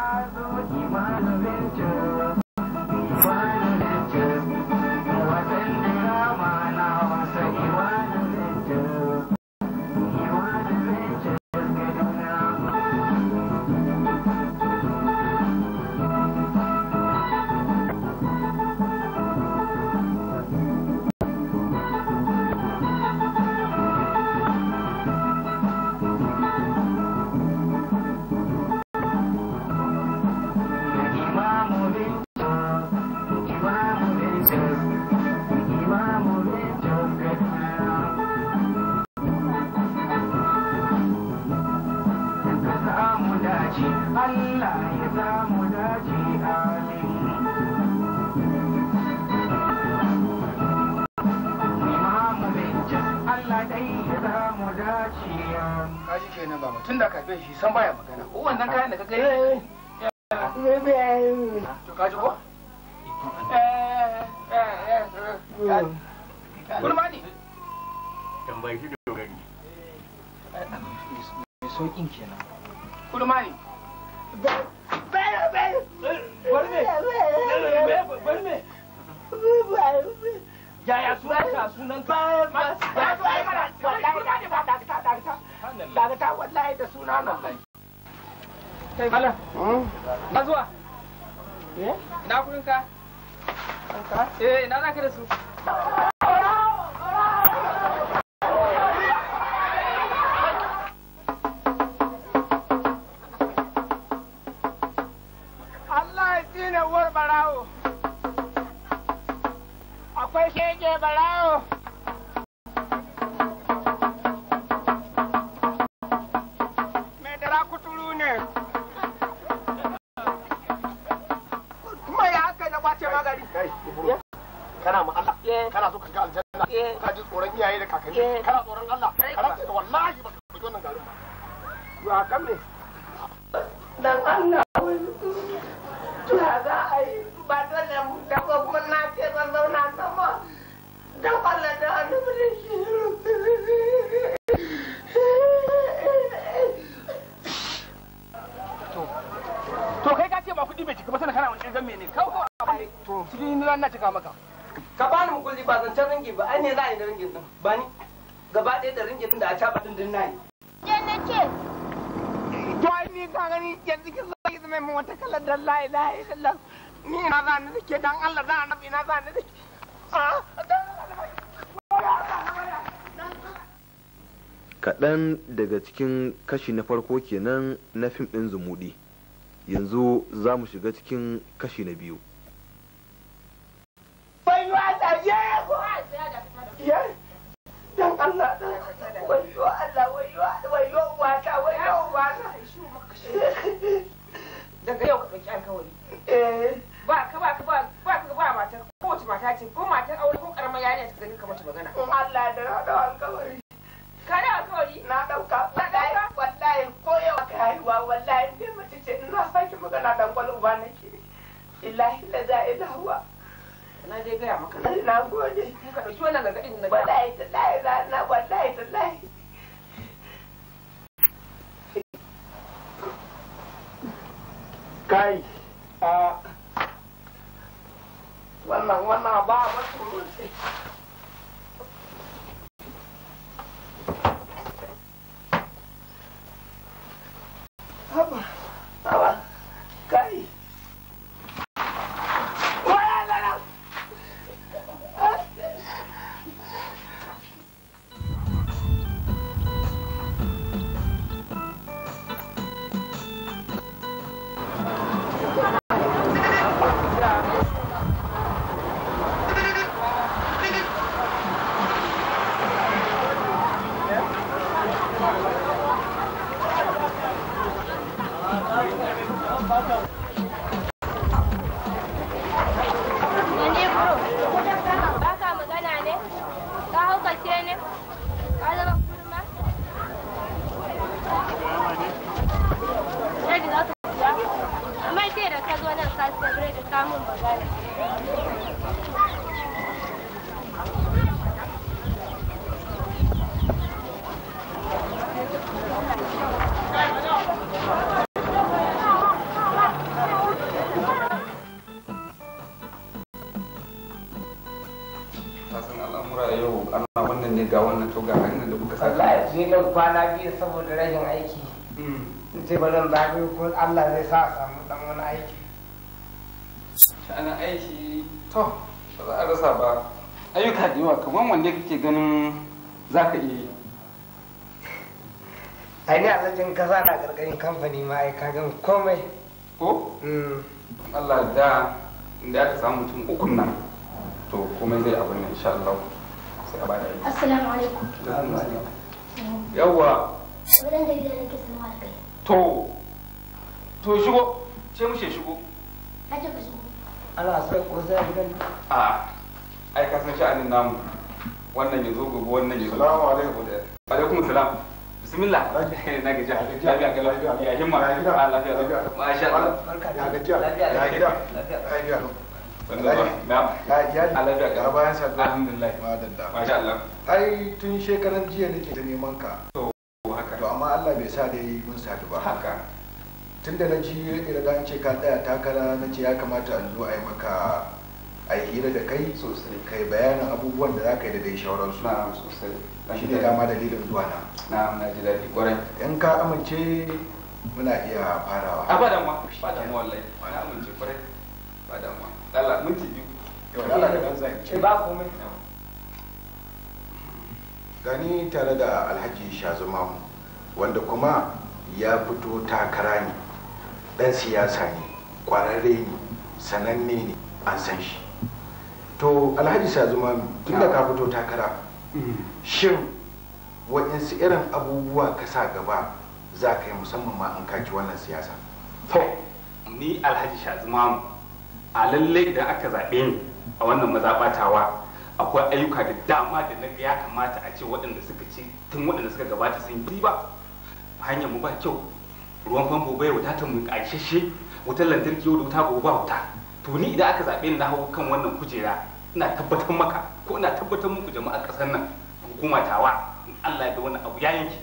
I know you might have san baya magana wannan kayan da ka gani eh, cikin kashi na farko kenan na fim ɗin zumuɗi yanzu za mu shiga cikin kashi na biyu billahi la za ila na je gaya maka na gode ka wannan na wallahi tallahi na wallahi tallahi kai ga wannan to ga hanyar da kuka saka wallahi sai da kwana biyu saboda rashin aiki hmm. in ce bazan zagayo ko Allah zai sa samu dan wani aiki sha'anin aiki to ba za a rasa ba ayyuka da yawa kamar wanda kake ganin za ka iya yi ai ne alhajin kasa na gargarin kamfani ma ai kagan komai ko hmm. Allah da inda aka samu mutum uku nan to komai zai abu nan insha Allah assalamu alaikum yawwa wadan da gidan nake sanuwa da kai to to shigo ce mu shigo ka ce ka shigo ana sai ko sai gidan a ai ka san sha'anin namu wannan ya zo gobe wannan ya zo assalamu alaikum da alaikum salam ya ah, da ai tun shekaran jiya nake ta neman ka to amma Allah bai sa dai mun sadu ba haka tun da na ji irin da ce ka tsaya takara na ce ya kamata an zo a yi maka a yi hira da kai sosai kai bayanin abubuwan da za ka yi da dai shauransu na sosai shi ne dama dalilin zuwa na na na ji daɗi kwarai in ka amince muna iya farawa a ba damuwa ba damuwa wallahi na amince kwarai ba damuwa Eh, gani tare da Alhaji Shazumamu wanda kuma ya fito takara ne dan siyasa ne kwararre ne sananne ne an san shi to Alhaji Shazumamu tun da ka fito takara mm. shin waɗansu irin abubuwa ka sa gaba za ka yi musamman ma an kaci wannan siyasa to ni Alhaji Shazumamu a lallai idan aka zaɓe ni a wannan mazaɓatawa akwai ayyuka da dama da na ya kamata a ce waɗanda suka ci tun waɗanda suka gabata sun yi ba hanyar mu ba kyau ruwan famfo bai ta mu ƙarshe wutar lantarki yau da wuta gobe ba wuta to ni idan aka zaɓe ni na hau kan wannan kujera ina tabbatar maka ko ina tabbatar muku jama'a ƙasar nan hukuma tawa in Allah ya da wani abu ya yanki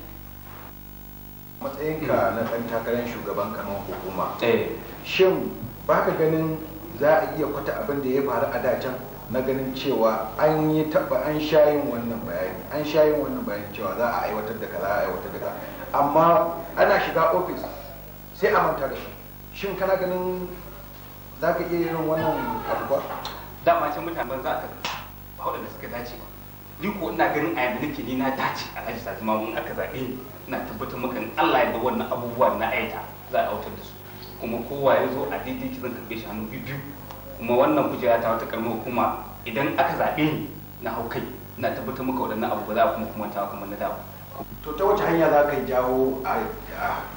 matsayinka na ɗan takarar shugaban kanon hukuma eh. shin baka ganin za a iya kwata abin da ya faru a dacan na ganin cewa an yi taba an shayin wannan bayani an shayin wannan bayani cewa za a aiwatar da kaza a aiwatar da kaza amma ana shiga ofis sai a manta da shi shin kana ganin za ka iya yin wannan abu ba dama ce mutane ban za ka ba waɗanda suka dace ba ni ko ina ganin a yanzu nake ni na dace a sa zama mun aka zaɓe ni ina tabbatar maka in Allah ya da wannan abubuwan na aita za a aiwatar da su kuma kowa ya zo a daidai ki zan shi hannu biyu kuma wannan kujera ta wata karamar hukuma idan aka zaɓe ni na hau kai na tabbatar muka waɗannan abu ba za a kuma kuma ta kuma na to ta wace hanya za ka jawo a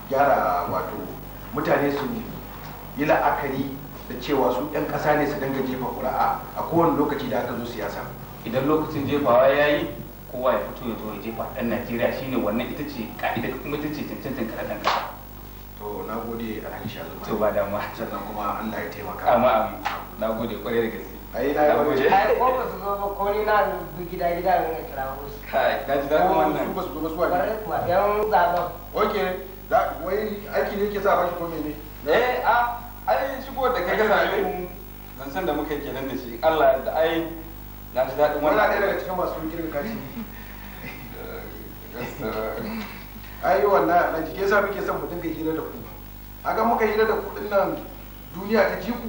gyara wato mutane su yi la'akari da cewa su ɗan ƙasa ne su danga jefa ƙura'a a kowane lokaci da aka zo siyasa. idan lokacin jefawa ya yi kowa ya fito ya zo ya jefa ɗan najeriya shine wannan ita ce ka'idar kuma ita ce cancantan kaɗan ƙasa. to na gode alhaji shazuma to ba damuwa sannan kuma Allah ya taimaka amma amma na gode kwarai da gaske ai na gode ko ba su zo ba ko ni na bi gida gida ne kira hosu kai na ji dadin wannan su ba su zo su wani yan zaben okay da wai aiki ne yake sa bashi ko mene eh a ai shigo da kai ka same san da muka kenan da shi Allah da ai na ji dadin wannan wala daga cikin masu kashi eh, ai na alhaji ke yasa muke son mu dinga hira da ku kaga muka hira da ku nan duniya ta ji ku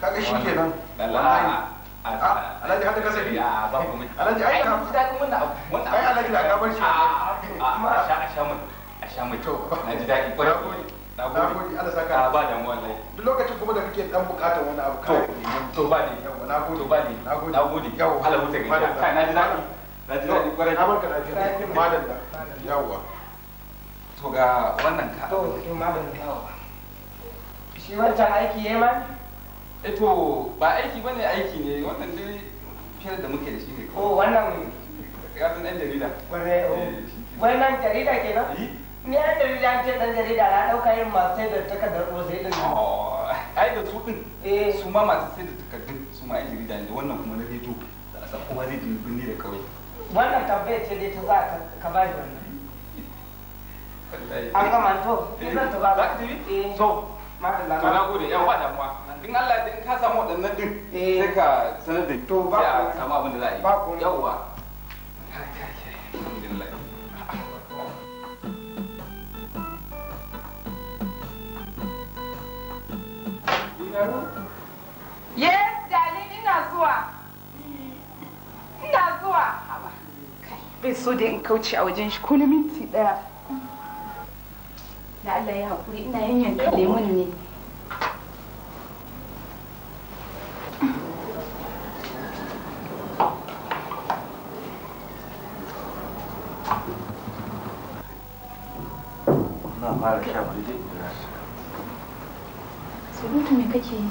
kaga shi kenan wallahi ah, alhaji hada kasa a alhaji ai ka wannan ai alhaji da ka bar shi a sha a sha mun a sha mun to na ji na gode Allah saka ba da mu wallahi duk lokacin kuma da kake dan bukatar wani abu kai to ba ne na gode ba ne na gode na gode yawa Allah mutai na ji na ji dadi kwarai na barka lafiya madalla yawa to ga wannan ka to in ma ban kawo shi wancan aiki yayi ma eh to ba aiki bane aiki ne wannan dai fiyar da muke da shi ne ko oh, wannan ya san ɗan jarida kware o oh. eh, wannan jarida kenan eh. ni an jarida ce ɗan jarida na ɗauka yin masu sai da takardar ƙosai ɗin oh, ai da su ɗin eh. su ma masu sai da takardun su ma 'yan jarida ne wannan kuma na rediyo da asa kuma zai dubi birni da kawai wannan tabbayar ce dai ta za ka bani wannan an gama to ni eh. zan tafi za ka tafi eh. to madalla to na gode yan wada ma in Allah din ka samu wadannan din eh. sai ka sanar da to ba ka samu abin da za a yi ba yawa alhamdulillah Yes, darling, ina zuwa. Ina zuwa. Bai so da in kauce a wajen shi ko na minti ɗaya. da Allah ya haƙuri ina yanyanka lemun ne Surutu me kake yi?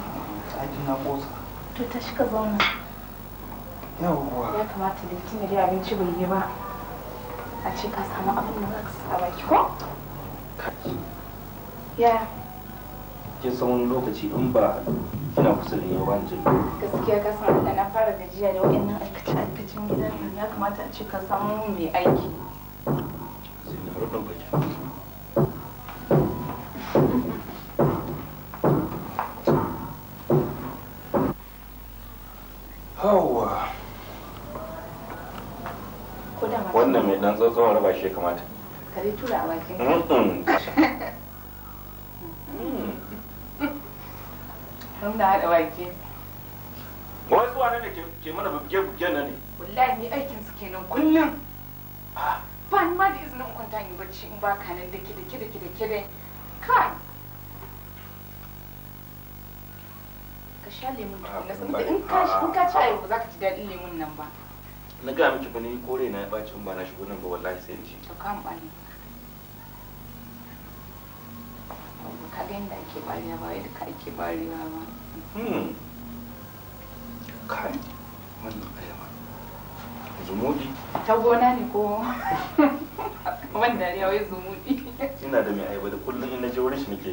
na kosa. To ta zauna. Ya kamata da abinci bai yi ba. A ce ka samu abin da za ka sa baki ko? ya kin san wani lokaci in ba kina kusa da yawa ban jin gaskiya ka san da na fara gajiya da wa'annan aikace aikacin gidan nan ya kamata a ce ka samu mai aiki sai da rubin baki Hawa. Wannan mai dan tsotsowar ba shi kamata. Kare tura a bakin. muna haɗa wake wai zuwa ne ke mana buge buge na ne wallahi ni aikin su kenan kullum ah. ba ni ma da izinin in kwanta in bacci in ba da nan dake kai ka sha lemun tukuna ah, saboda in ka in ka ci ah, ayo ba za ka ji daɗin lemun nan ba na gaya miki ba ni kore na ya ɓaci in ba na shigo nan ba wallahi sai in ci to kayan da ake ba ake ba kai wannan zumudi ta gona ne ko wanda wai zumudi ina da mai da kullum wurin shi nake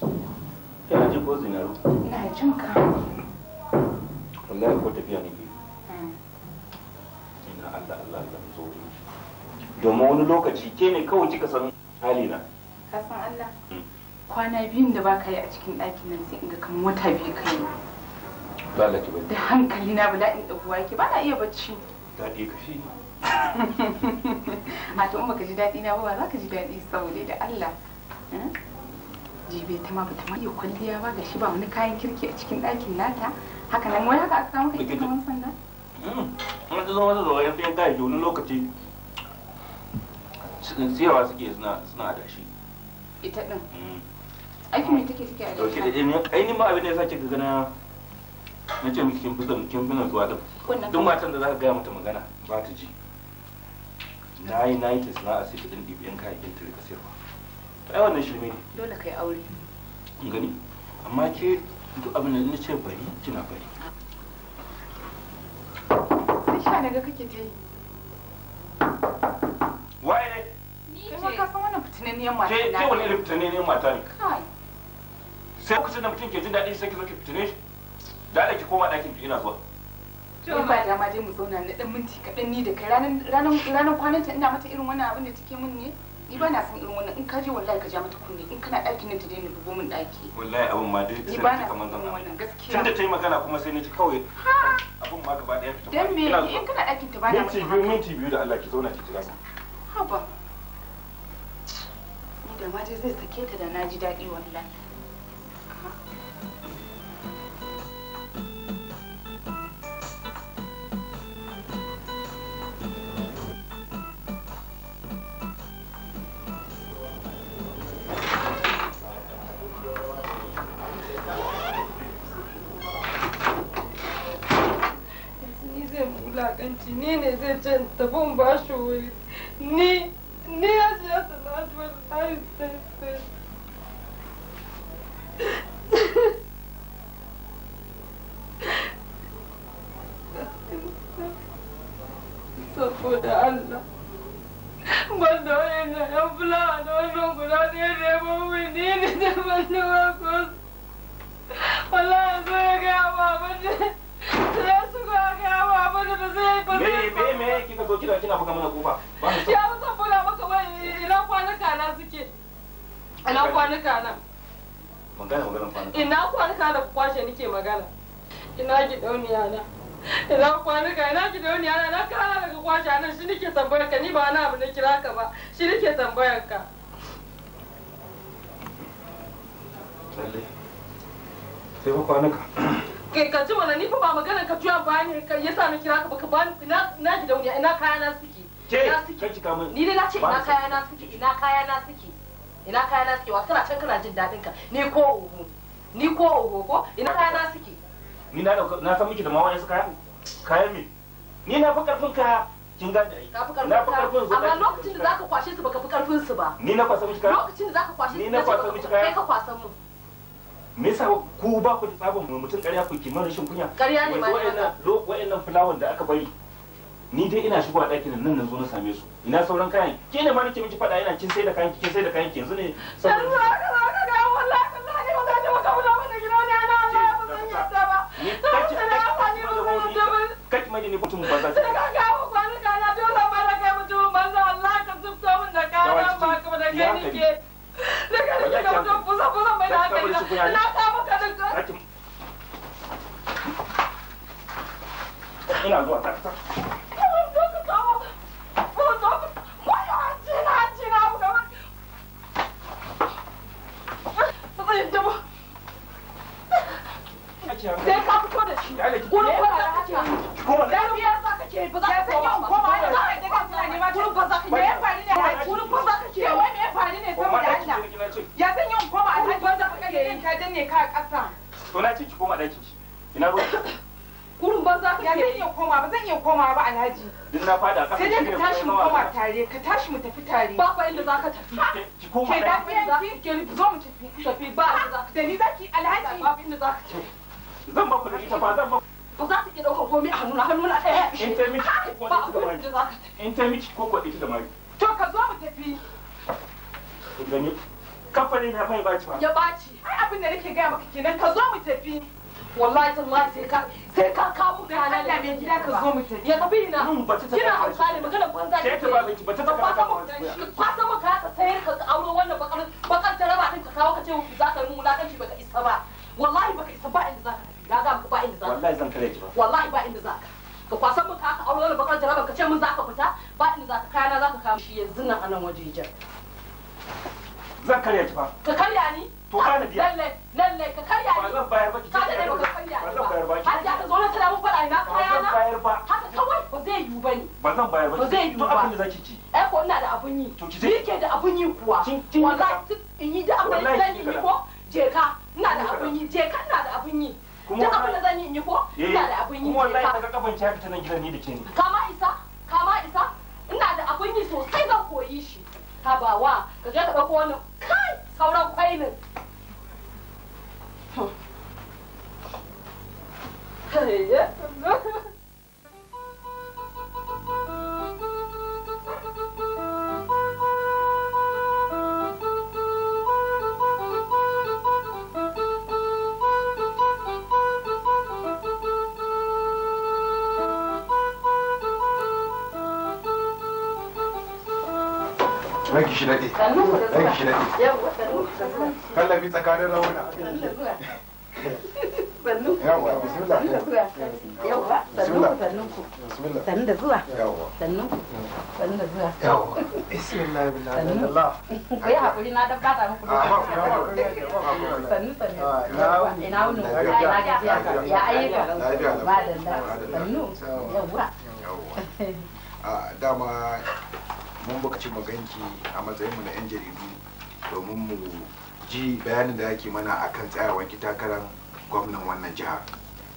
nake ji ko zinaro ina jin ka wallahi ko tafiya ne ina Allah Allah Allah zo domin wani lokaci ke ne kawai kika san halina kafin Allah hmm. kwana biyun da ba ka yi a cikin ɗakin nan sai in ga kamar wata biyu yi. da hankali na bala in ɗagu yake ba na iya bacci daɗi ka shi a to ka baka ji daɗi na ba ba za ka ji daɗi saboda da Allah eh? jibe ta ma bata iya kwalliya ba ga shi ba wani kayan kirki a cikin ɗakin nata haka nan wai haka aka samu kai cikin hmm. wani sanda kuma ta zama zuwa yanzu yan kayayyaki wani lokaci siyawa suke suna adashi ita din mm. aiki mai take take a da shi da ne kai ni ma abin da yasa kika gana na ce miki kin fi son kin fi zuwa din duk matan da zaka gaya mata magana ba ta ji na yi na yi ta sana'a sai ta dinɗi biyan kayayyakin ta rika sayarwa ai wannan shirme ne dole kai aure gani amma ke duk abin da nace bari kina bari sai sha daga kake ta yi waye kuma ka san wannan fitinanniyar mata ke ke wani irin fitinanniyar mata ne sai lokacin da mutum ke jin daɗi sai ki zo ki fitine shi da ala ki koma ɗakin ki ina zuwa ina ba dama dai mu zauna na ɗan minti kaɗan ni da kai ranar kwananta ina mata irin wannan abin da take min ne ni ba na san irin wannan in ka je wallahi ka ja mata kunne in kana ɗakin nan ta daina dubo min ɗaki wallahi abin ma dai sai ta kaman zan wannan gaskiya tunda ta yi magana kuma sai ni ci kawai abin ma gaba ɗaya fita dan me in kana ɗakin ta ba na mata minti biyu minti biyu da Allah ki zauna ki jira haba da ma zai sake ta da na ji daɗi wallahi ne ne zai can tabon bashi wuri ni min ni dai na ce ina kaya na suke ina kaya na suke ina kaya na suke wa kana can kana jin daɗin ka ni ko oho ni ko oho ko ina kaya na suke ni na na san miki da ma wani kaya kaya me ni na fi karfin kaya kin ga dai na fi karfin su amma lokacin da zaka kwashe su baka fi karfin su ba ni na kwasa miki kaya lokacin da zaka kwashe su ni na kwasa miki kaya kai ka kwasa mu me yasa ku ba ku da tsabon mutum ƙarya ku kiman rashin kunya ƙarya ne ma wa'annan fulawan da aka bari ni dai ina shigowa ɗakin nan nan zo na same su ina sauran kayan ke ne ma nake miki faɗa ina kin sai da kayan kin sai da kayan yanzu ne na dole da Allah da da ka da ka da ina zuwa ta sai ka fito da shi gurin ba za ka ce lafiya za ka ce ba za ka sanya in koma ai za ka ga suna nema gurin ba za ka ya ne ai gurin ba za ka ce wai me ya ne saboda Allah ya sanya in koma ba za ka ga ka danne ka ƙasa to na ce ki koma shi ina ruwa ba za ka ke zan koma ba zan iya koma ba alhaji din na fada ka sai ka tashi mu koma tare ka tashi mu tafi tare ba inda za ka tafi ki koma da ki zo mu tafi tafi ba za ka da ni alhaji ba inda za ka tafi zan ba ku da ita ba zan ba ba za ta iya a hannuna hannuna ɗaya in ta miki ko ko ita da in ta miki ko ko ita da mari to ka zo mu tafi gani kamfanin na bai baci ba ya baci ai abin da nake gaya maka kenan ka zo mu tafi wallahi tallahi sai ka sai ka kawo ga halalla mai gida ka zo mu tafi ya tafi ina kina hausa magana banza ke ta ba ba ta ta ba ta ba kare ba wallahi ba inda zaka ka kwasan mun ka aure wani bakar jarabar ka ce mun ka fita ba inda zaka kayana ka kawo shi yanzu nan anan waje jar zan karya ki ba ka karya ni to kana biya lalle lalle ka karya ni ba zan bayar ba ki ka dade baka karya ba zan bayar ba ki har ya ka zo na tana mun ina kayana ba zan bayar ba haka kawai ba zai yiwu ba zan bayar ba ba zai yiwu ba to abin da ci ko ina da abun yi to ki ke da abun yi kuwa wallahi in yi da abun yi zan yi ko je ka ina da abun yi je ka ina da abun yi kuma duk da zan yi in yi ko eh, ina da abin yi kuma wallahi kaga kafan ki haka ta nan gidan ni da ke ni kama isa kama isa ina da abin yi sosai zan koyi shi habawa ka je ka dauko wani kai sauran kwainin Hey, yeah. ranki shi daɗe ranki shi daɗe tallafi tsakanin rauna yawa bismillah yawa bismillah sannu da zuwa sannu sannu da zuwa yawa bismillah billah ku yi haƙuri na dan bata muku sannu sannu ah, ina wuni ina gajiya ya ayyuka ba da sannu yawa ah, dama mun bukaci maganki a matsayinmu na 'yan jaridu domin mu ji bayanin da ake mana akan ki takarar gwamnan wannan jiha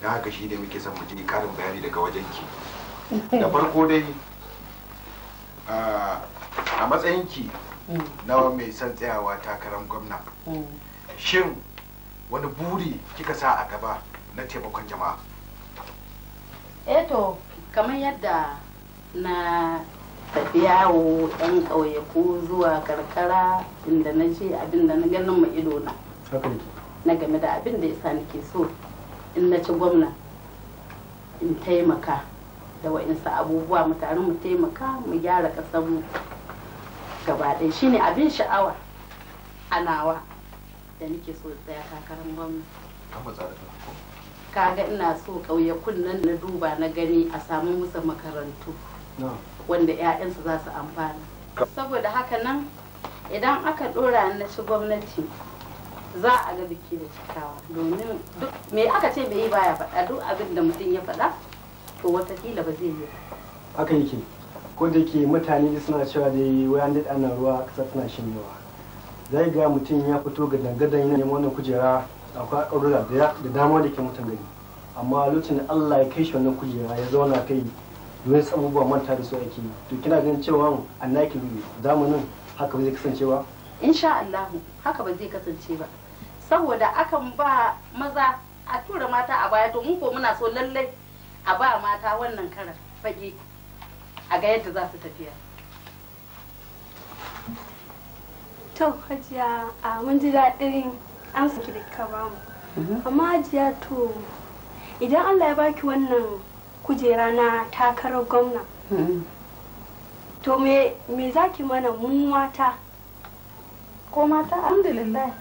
don haka shi ne muke son mu ji karin bayani daga wajenki da farko dai a matsayinki na mai son tsayawa takarar gwamna shin wani buri kika sa a gaba na taimakon jama'a eto eh kamar yadda na tafi yawo yan ƙauyaku zuwa karkara inda na ce abin da na ganin mu ido na na game da abin da yasa nake so in na ci gwamna in taimaka da wa'insu abubuwa mu tare mu taimaka mu gyara ƙasar mu gaba ɗaya shine abin sha'awa a nawa da nake so tsaya takarar gwamna kaga ina so ƙauyakun nan na duba na gani a samu musa makarantu wanda 'yayansa za su amfana saboda haka nan idan aka dora na ci gwamnati za a ga biki da cikawa domin duk me aka ce bai yi baya faɗa duk abin da mutum ya faɗa to watakila ba zai yi haka yake ko da ke mutane suna cewa da yi wayan da ana ruwa ƙasa tana shanyewa zai ga mutum ya fito ga dangadan yana neman wannan kujera akwai ƙarura da dama da ke mutum gani amma lokacin da Allah ya kai shi wannan kujera ya zauna kai wani abubuwa manta da su ake to kina ganin cewa rubi zamanin haka ba zai kasance ba insha Allah haka ba zai kasance ba saboda akan ba maza a tura mata a baya to mun ko muna so lallai a ba mata wannan karar fage a ga yadda za su tafiya to hajiya a mun ji daɗin an saki da kika mu mhm. amma hajiya to idan Allah ya baki wannan kujera na takarar gwamna hmm. to me me zaki mana mu mata ko mata alhamdulillah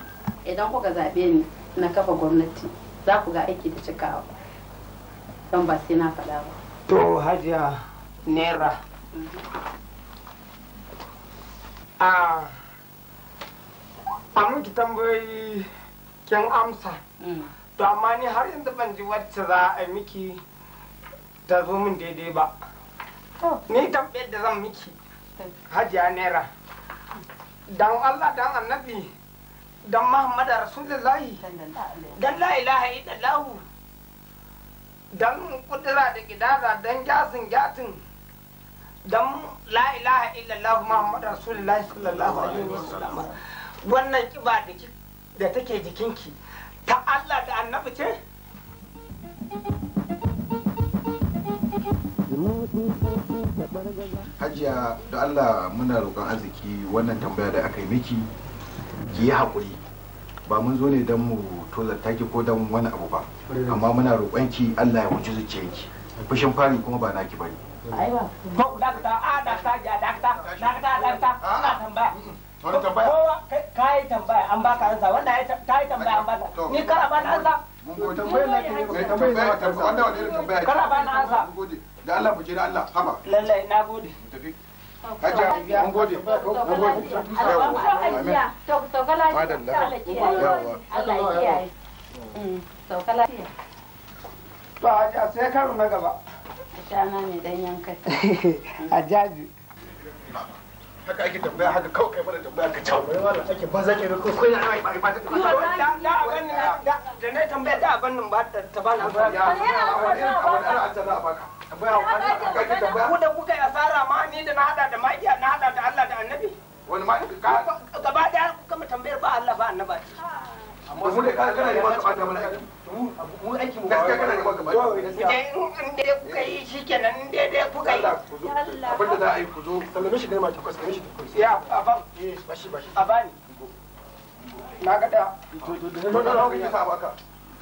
idan kuka zaɓe ni na kafa gwamnati za ku ga aiki da cikawa don ba sai na faɗa ba to hajiya naira hmm. ah, a a miki tambayoyi kin amsa hmm. to amma ni har yanzu ban ji wacce za a miki ta zo min daidai ba ni tambayar da zan miki hajiya naira dan allah dan annabi dan muhammadu rasulullahi dan la ilaha illallah dan kudura da gidara dan jasin gatin dan la ilaha illallah muhammadu rasulullahi sallallahu alaihi wasallam wannan kiba da take jikinki ta allah da annabi ce hajiya da allah muna roƙon arziki wannan tambaya da aka yi miki ki yi haƙuri ba mun zo ne don mu tozarta ki ko don wani abu ba amma muna roƙon ki allah ya wuce yanki. fushin fari kuma ba naki bane aiwa to dakta a dakta ja dakta dakta dakta ina tambaya wani tambaya kowa kai tambaya an baka ansa wanda ta yi tambaya an baka ni kara ba ta ansa tambayar na kai tambayar ta wani irin ba na da Allah mu Allah haba na gode tafi Hajiya, mun gode, mun gode. Allah kiyaye. Mm, to, sai na gaba. Shana ne dan yankai. Hajaji. haka ake tambaya haka kawai kai mana tambaya ka cawo wai wala ake ba zake ko ko na ai ba ba da aban nan da ne tambaya da aban nan ba ta ba na ba ya ana ta za a baka tambaya haka ake tambaya ku da kuka yi asara ma ni da na hada da magiya na hada da Allah da Annabi wani ma ka gaba daya kuka mu tambayar ba Allah ba Annabi amma mu da kana yi ne ma ka bada mana mu aikin ba gaskiya kana gaba gaba to idan in dai kuka yi shikenan in dai dai kuka yi Allah da za a yi ku zo sallame shi gaima ta kwasa shi tukun ya aban eh bashi bashi abani na ga da to to da nan da kake sa baka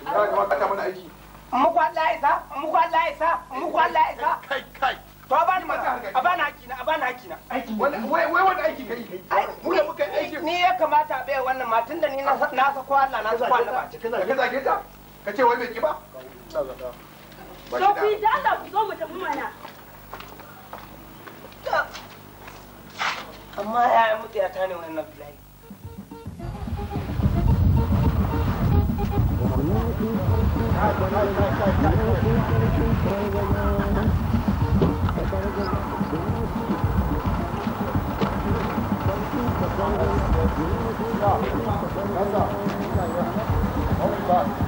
ka ga maka mana aiki muku Allah ya sa muku Allah ya sa muku Allah ya sa kai kai to abani maka abani hakina abani hakina aiki wai wai wanda aiki kai mu da muka aiki ni ya kamata a bai wannan matan da ni na sako Allah na sako Allah ba ka zage ta ka ce wai bai ki ba Sofi da Allah ku zo mu tafi mana amma ya mutu ya tane wannan bulayi Thank you.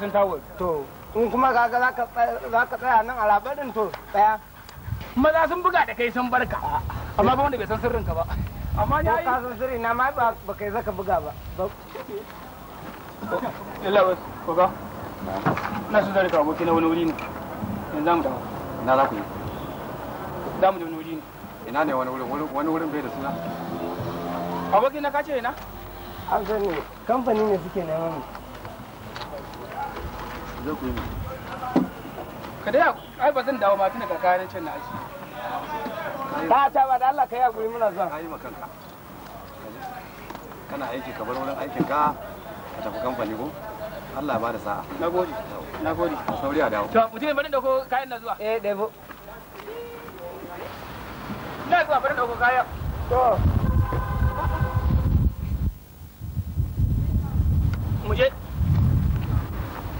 sun tawo to in kuma kaga zaka zaka tsaya nan a labarin to tsaya maza sun buga da kai sun barka amma ba wanda bai san sirrin ka ba amma ya yi ka san sirri na ma ba ba kai zaka buga ba illa wasu koga na su ka aboki na wani wuri ne yanzu mu tafi ina za ku yi za mu je wani wuri ne ina ne wani wurin wani wurin bai da suna aboki na kace ina an sani kamfani ne suke neman mu zo ku yi mu ka dai ai ba zan dawo ma tun daga na can na aji ta ta ba da Allah kai hakuri muna zuwa ayi makanka kana aiki ka bar wurin aikin ka ka tafi kamfani ko Allah ba da sa'a nagode nagode sauri a dawo to mutum bari da ko kayan na zuwa eh dai bo na zuwa bari da ko kayan to mu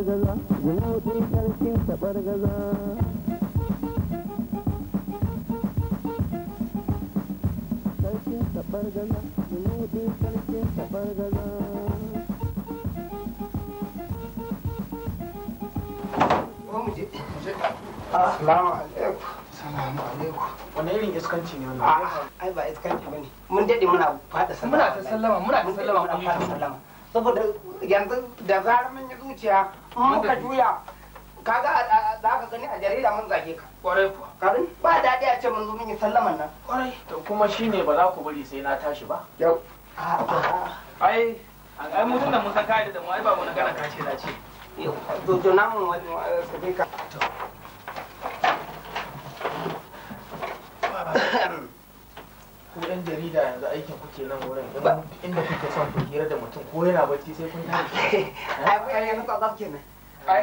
gaza gulaudi sarkin tabar gaza sarkin tabar gaza gulaudi sarkin tabar gaza ah, Salamu alaikum. Salamu alaikum. Wane irin iskanci ne wannan? A'a, ah, ai ba iskanci bane. Mun dade muna fada sallama. Muna ta sallama, muna ta sallama, muna ta sallama. Saboda yanzu da zarar mun yi zuciya muka juya kaga za ka gani a jarida mun zage ka kwarai kuwa kaga ba daɗi a ce mun zo mun yi sallaman nan kwarai to kuma shine ba za ku bari sai na tashi ba yau ai ai mutum tunda mun san kai da mu ai ba mu na gana kace da ce yau to to namun wani ka ku yan jarida yanzu aikin ku ke nan wurin inda kuke son ku hira da mutum ko yana bacci sai kun tashi ai ku yan yanzu kwakwaf ke nan ai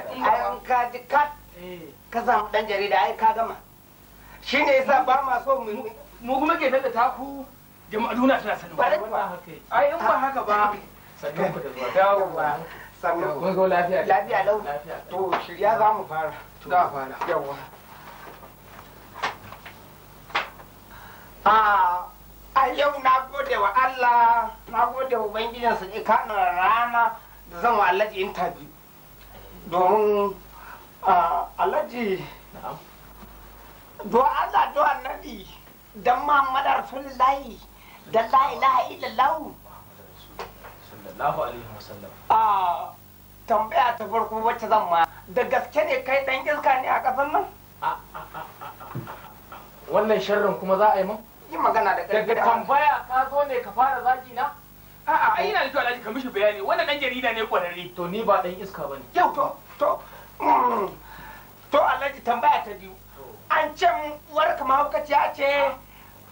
an ka ji kat eh. ka samu dan jarida ai ka gama shi ne yasa ba ma so mu kuma ke daga taku jama'a jama'aluna tana sanin ba ai in ba haka ba sannan ku da zuwa dawowa sannan mun zo lafiya lafiya lau to shirya za mu fara za fara yawa 啊。Ah. a yau na gode wa Allah na gode wa ubangijin su ne kano rana da zan wa alhaji interview domin alhaji do Allah do annabi dan Muhammad layi, da la ilaha illallah sallallahu alaihi a tambaya ta farko wacce zan ma da gaske ne kai dan iska ne a ƙasar nan wannan sharrin kuma za a yi mun Yin magana da kai daga tambaya ka zo ne ka fara zaki na a'a ai ina da kyau alhaji ka mishi bayani wannan dan jarida ne kwararre to ni ba dan iska bane yau to to mm. to alhaji tambaya ta biyu an ce uwar ka mahaukaciya ce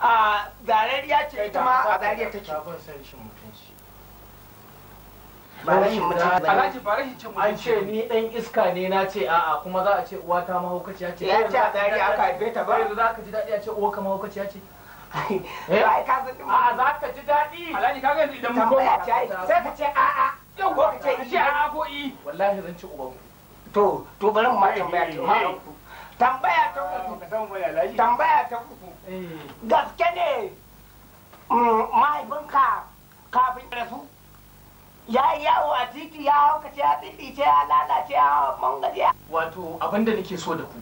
a zarariya ce ita ma a zariya take ban san rashin mutunci alhaji ba rashin cin mutunci an ce ni dan iska ne na ce a'a kuma za a ce uwa ta mahaukaciya ce ya ce a zariya aka haife ta ba yanzu za ka ji daɗi a ce uwa ka mahaukaciya ce Eh? ai za daɗi alhaji sai ka ce ko ka ce to to ma tambaya tambaya ta uku tambaya ta uku eh. gaske ne mm, mahaifinka kafin rasu ya yi yawo a titi ya ce, ya tsitsice ya lalace ya mangaje wato abinda nake so da ku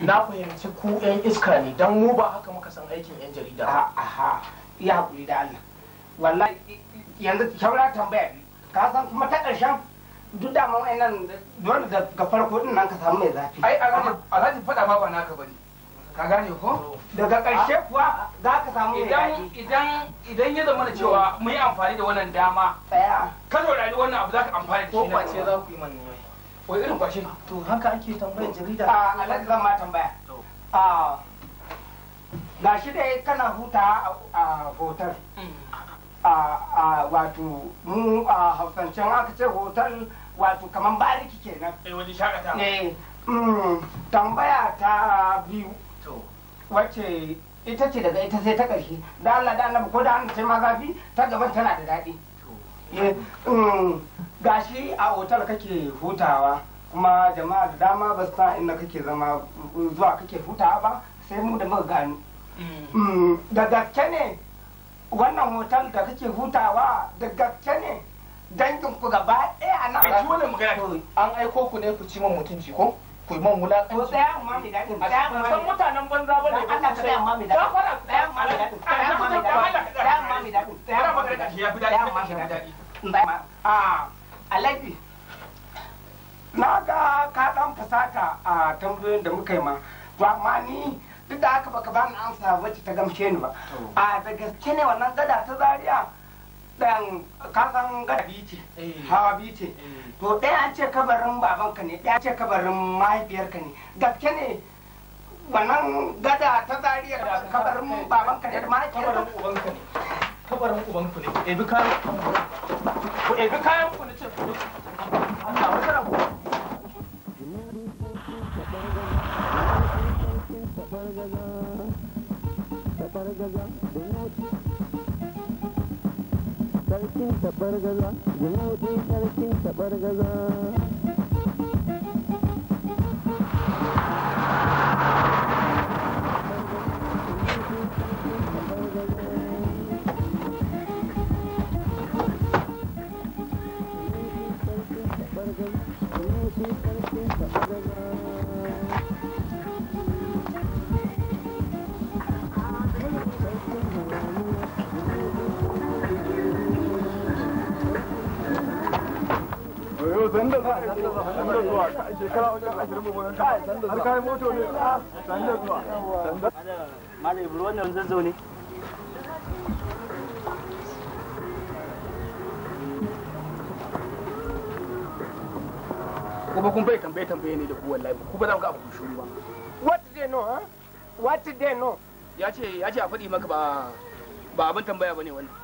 na fahimci ku yan iska ne don mu ba haka muka san aikin yan jarida ba ah, aha ya hakuri da Allah wallahi yanzu shawara tambaya bi ka san kuma ta ƙarshen duk da mun nan da ga farko din nan ka samu mai zafi ai a zafi fada ba ba naka bane ka gane ko daga karshe kuwa za ka samu mai zafi idan idan ya zama cewa mu yi amfani da wannan dama ka zo rayuwar wannan abu za ka amfani da shi ko ba ce za ku yi mani. wai irin bashi to haka ake tambayar jarida a alhaji zan ma tambaya a ga shi dai kana huta a hotel hmm. a wato mu a hausancen aka ce hotel wato kaman bariki kenan eh wani shakata eh hmm, tambaya ta biyu wace ita ce daga ita sai ta ƙarshe da Allah da Allah ko da an ce ma zafi ta gaban tana da daɗi Eh, um, gashi a otal kake hutawa kuma jama'a da dama ba su san inda kake zama zuwa kake hutawa ba sai mu da muka gano mm. mm, da gaske ne wannan hotel da kake hutawa da gaske ne dangin ku gaba ɗaya a nan dole an aiko ku ne ku ci mun mutunci ko ku yi man wulakanci. Ko tsaya ma mai daɗin. Tsaya ma mai mutanen banza ba ne. Allah ka tsaya ma mai daɗin. Tsaya ma mai daɗin. Tsaya ma mai daɗin. Tsaya ma mai daɗin. Tsaya ma mai daɗin. Tsaya ma mai daɗin. Tsaya ma mai Alhaji. Na ga ka ɗan fasata a tambayoyin da muka yi ma. To amma ni duk da haka baka bani amsa wacce ta gamshe ni ba. A da gaske ne wannan gada ta zaria. dan kasan gada ce hawa biyu eh. eh. to ɗaya an ce kabarin babanka ne ɗaya ce kabarin mahaifiyarka ne gaske ne wannan gada ta zariya kabarin babanka ne da mahaifiyarka kabarin ubanku ne ebi kayan ku ebi kayan ku ne ce ku Allah wata rabu Tabargaza, tabargaza, sarkin tabar gaza jimauɗi sarkin tabar Thank you. to sanda zuwa sanda zuwa shekara wajen ashirin mu gonan kai sanda zuwa kai moto ne sanda zuwa sanda malam ibro wannan zazzau ne kuma kun bai tambaye tambaye ne da ku wallahi ku ba za ku ga abu shuru ba what they know huh? what they know ya ce ya ce a faɗi maka ba ba abin tambaya bane wannan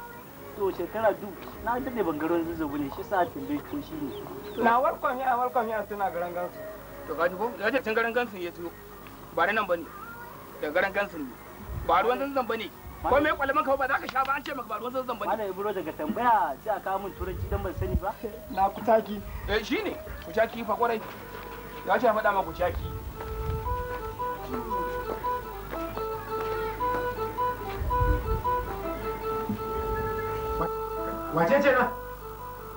to shekara duk na dade ban garin zazzabu ne shi sa tambaye ko shi ne na walkon ya walkon ya suna garan gansu to gaji ko gaji tun garan gansu ya tuyo ba da nan bane da garan gansu ne ba ruwan zanzan bane ko me kwalman ka ba za ka sha ba an ce maka ba ruwan zanzan bane ana ibro daga tambaya sai a kawo min turanci dan ban sani ba na kutaki eh shine kutaki fa kwarai ya ce faɗa ma kutaki Wace ce na?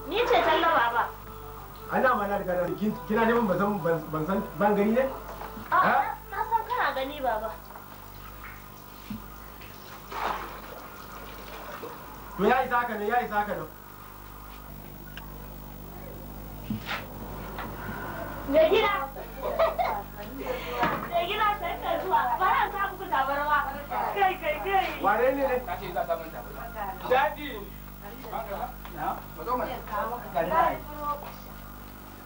Ni ce talla baba. ana mana riga kina neman ban san ban san ban gani ne a na san kana gani baba to ya isa ka ne ya isa ka ne Me gida? Me gida sai ka zuwa. Bara ta muku tabarwa. Kai kai kai. Ware ne ne? Kace za ta Dadi. Ba ba? Ka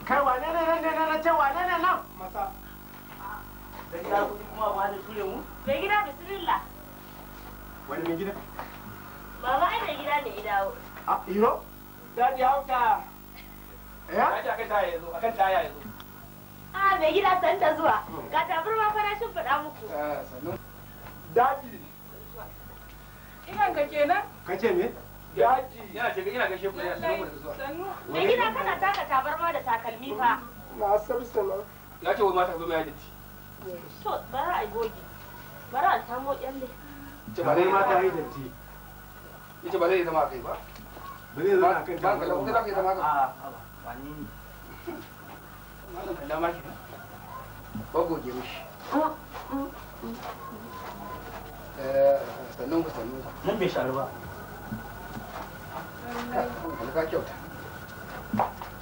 kai wane ne nan ne na ce wane ne nan masa da gida kuɗi kuma ba da sule mu da gida bismillah wani mai gida baba ai mai gida ne idawo ah, a iro daji hauta ya daji akan taya yanzu akan taya yanzu a ah, mai gida san ta zuwa hmm. ga tabarma farashin faɗa muku eh, daji idan ka kenan ka ce me daji yana ce ina gaishe ku da zuwa mai gida kana taka tabarma da ni na ya ce wai mata zo mai to bara a goge bara a samo ce ba dai mata yi datti yace ba zai zama a kai ba ba zai zama a kai ba ba zai zama a kai ba a ba ne malam kalla ma ba goge mishi mm, eh, sannan ku nan bai ba ka kyauta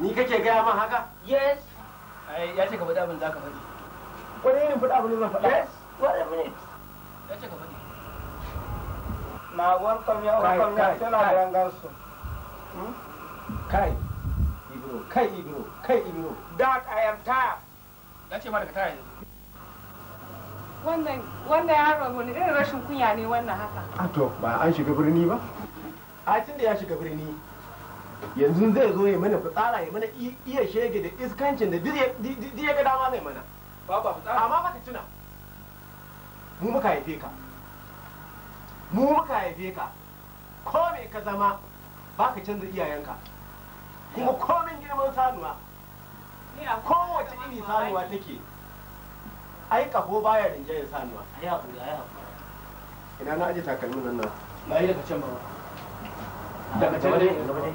Ni kake gaya min haka? Yes. Ai ya ce ka faɗi abin da ka faɗi. Wani irin faɗi abin da zan faɗa? Yes. What a minute. Ya ce ka faɗi. Na welcome ya welcome tana gangan su. Hmm? Kai. Ibro, kai Ibro, kai Ibro. da kayan taya. tired. Ya ce ma daga taya yanzu. Wannan wannan yaro wani irin rashin kunya ne wannan haka. A to ba an shiga birni ba? A tun da ya shiga birni yanzu zai zo ya mana fitsara ya mana iya shege da iskancin da duk ya ga dama zai mana ba fitsara amma baka tuna mu muka haife ka mu muka haife ka ko me ka zama ba ka canza iyayenka kuma komin girman sanuwa kowace iri sanuwa take ai kaho baya rinjayen sanuwa ai hakuri ai hakuri ina na aje takalmin nan na na yi daga can ba daga can ne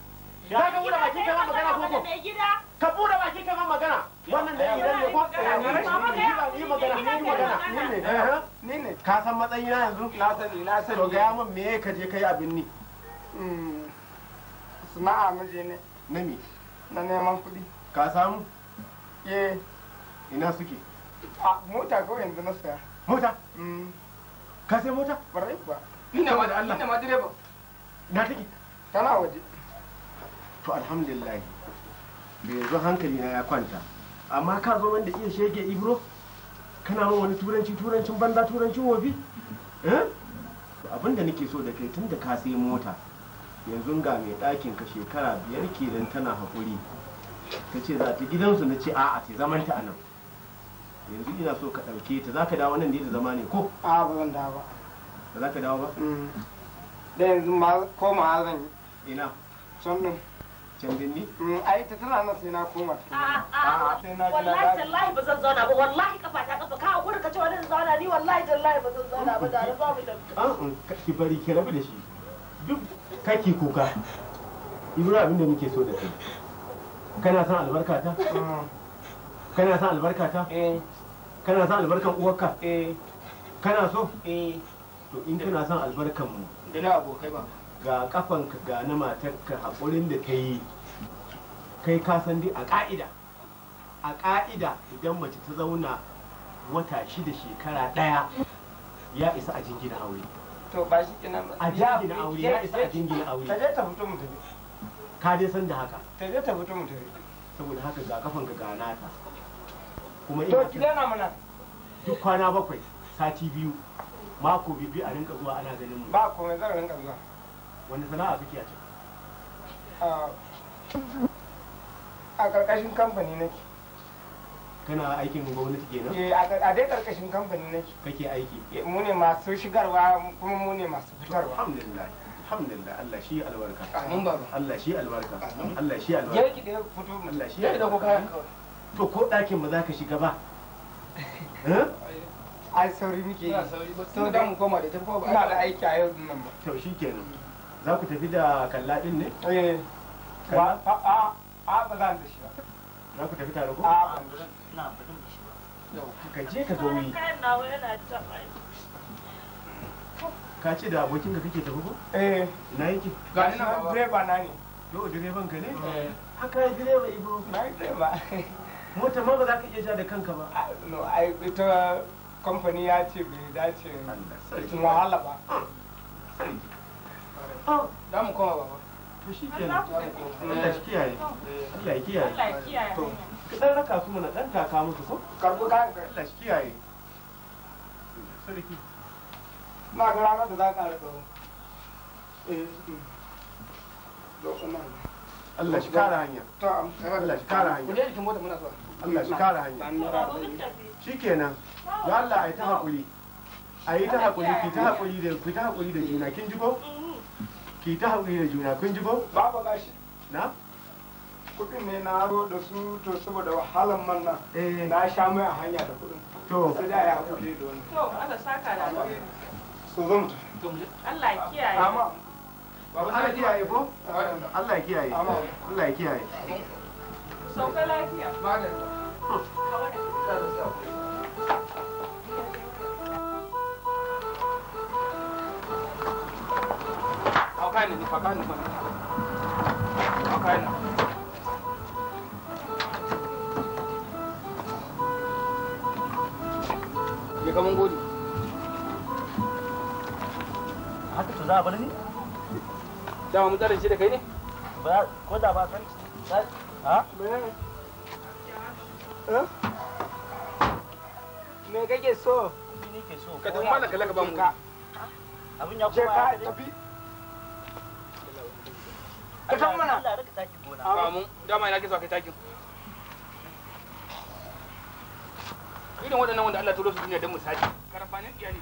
ka bude baki kana magana ko ko ka bude baki kana magana wannan da gidan ne ko ni magana ni magana ni ne eh, ka san matsayi na yanzu na sani na sani to ga mun me ka je kai abin ni hmm, sana'a miji ne na me na neman kuɗi ka samu eh ina suke a mota ko yanzu na saya mota hmm. ka sai mota bare ba ina ma da Allah ina ma direba na take tana waje to alhamdulillah da yanzu hankali na ya kwanta amma ka zo da iya shege ibro kana min wani turanci turancin banza turancin wofi eh? abin da nake so da kai tun da ka sai mota yanzu ga mai ɗakin ka shekara biyar dan tana haƙuri ta ce za ta gidansu na ce a'a ce zaman ta anan yanzu ina so ka ɗauke ta za ka dawo nan da yadda zama ne ko a ba zan dawo ba ba za ka dawo ba mm. da yanzu ko ma zan ina can ne can binni? Eh, ai ta ah, ah, kafa ta kafa ka hakuri zauna ni wallahi tallahi zauna ba ah, mm, kake kuka ibro abin da muke so da kai kana san albarka ta mm. kana son albarka ta eh. kana son albarkan uwarka eh. kana so to in kana san albarkan mu da na abokai ba ga kafanka ga na matarka haƙurin da ta yi kai kasan dai a ƙa'ida a ƙa'ida idan mace ta zauna wata shida shekara ɗaya ya isa a jingina aure to ba shi kina a jingina aure ya isa a jingina aure ta je ta fito mu tafi ka dai san da haka ta je ta fito mu tafi saboda haka ga ka ga ta kuma ina ki kidana mana duk kwana bakwai sati biyu mako bibi a rinka zuwa ana ganin mu ba komai zan rinka zuwa wani sana'a kake a can a karkashin kamfani nake kana aikin gwamnati kenan eh a dai karkashin kamfani nake kake aiki eh, mu ne masu shigarwa kuma mu ne masu fitarwa alhamdulillah alhamdulillah Allah shi albarka amin baba Allah shi albarka Allah shi albarka yaki da fito Allah shi da ko kayan to ko dakin ba za ka shiga ba eh? ai sauri muke to da mu koma da tafi ba ina da aiki a yau nan ba to shikenan za ku tafi da kalla din ne? eh a a ba zan da shi ba za ku tafi tare ko? a ba da shi na ban da shi ba ka je ka zo yi ka ce da ka kake tafi ko? eh na yake ga ina direba na ne yau direban ka ne? Eh. haka direba ibo na direba mota ma ba za ka iya sha da kanka ba ah, no ai ita kamfani ya ce bai dace wahala ba za mu baba to Allah shi eh. kiyaye Allah ya kiyaye Allah mana dan taka ka Allah shi kiyaye sarki ma ga da za ka rika eh Allah shi kare hanya to shi kare hanya mota Allah shi kare hanya shikenan ya Allah ai ta hakuri ai ta hakuri ki ta hakuri da ki ta hakuri da juna kin ji ko mm. ki ta haƙuri da juna kun ji ba babu shi. na kuɗin ne na aro da su to saboda wahalan man eh. na sha mai a hanya da kuɗin to sai da ya haƙuri da wani to Allah saka da alheri so zan Allah ya kiyaye amma Allah ya kiyaye ko Allah ya kiyaye Allah ya kiyaye sauka lafiya malam kawai Pakane ni pakane kwa Pakane. Je ka mun gode. Haka to za a bar ni? Dama mun tsare shi da kai ne? Ba ko da ba san. Ha? Me? Me kake so? Ni nake so. Ka tafi malaka laka ba mu. Abin ya kuma tafi. ka san mana yana rika taki gona kamun dama ina kisa kai takin irin waɗannan wanda Allah ta rosu duniya don misali karfanin iyali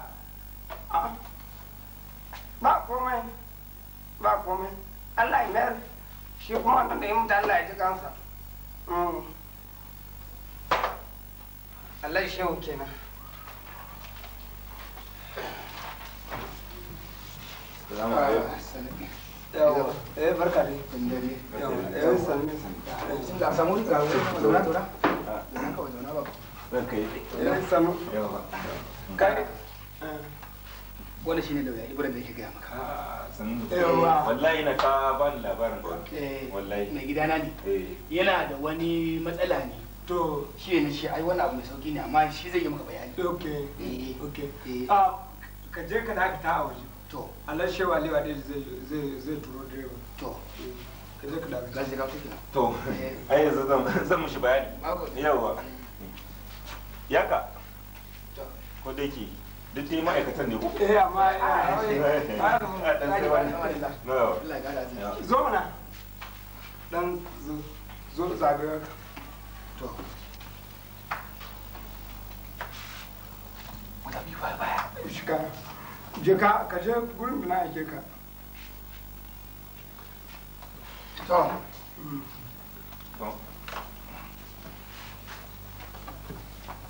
shi kuma wannan da ya mutu Allah ya ji kansa mm. Allah kenan Salamu ah, alaikum. eh barka dai. eh da samu ka zauna ka zauna ba. Eh samu. Yawa. Kai. shine yake ga maka. Ah. hamsin wallahi na ka ban ni labarin wallahi mai ne eh. yana da wani matsala ne to shi ne shi ai wani abu mai sauki ne amma shi zai yi maka bayani eh. Eh. Ah, ka je ka ta a waje to Allah lewa dai zai zai zai turo to ka je ka ka to ai yanzu zan zan mishi bayani yawa yaka ko dai ki duk dai ma'aikatan ne ko eh amma zo mana dan zo zagaya to guda biyu baya baya shiga je ka ka je gurin na ake ka to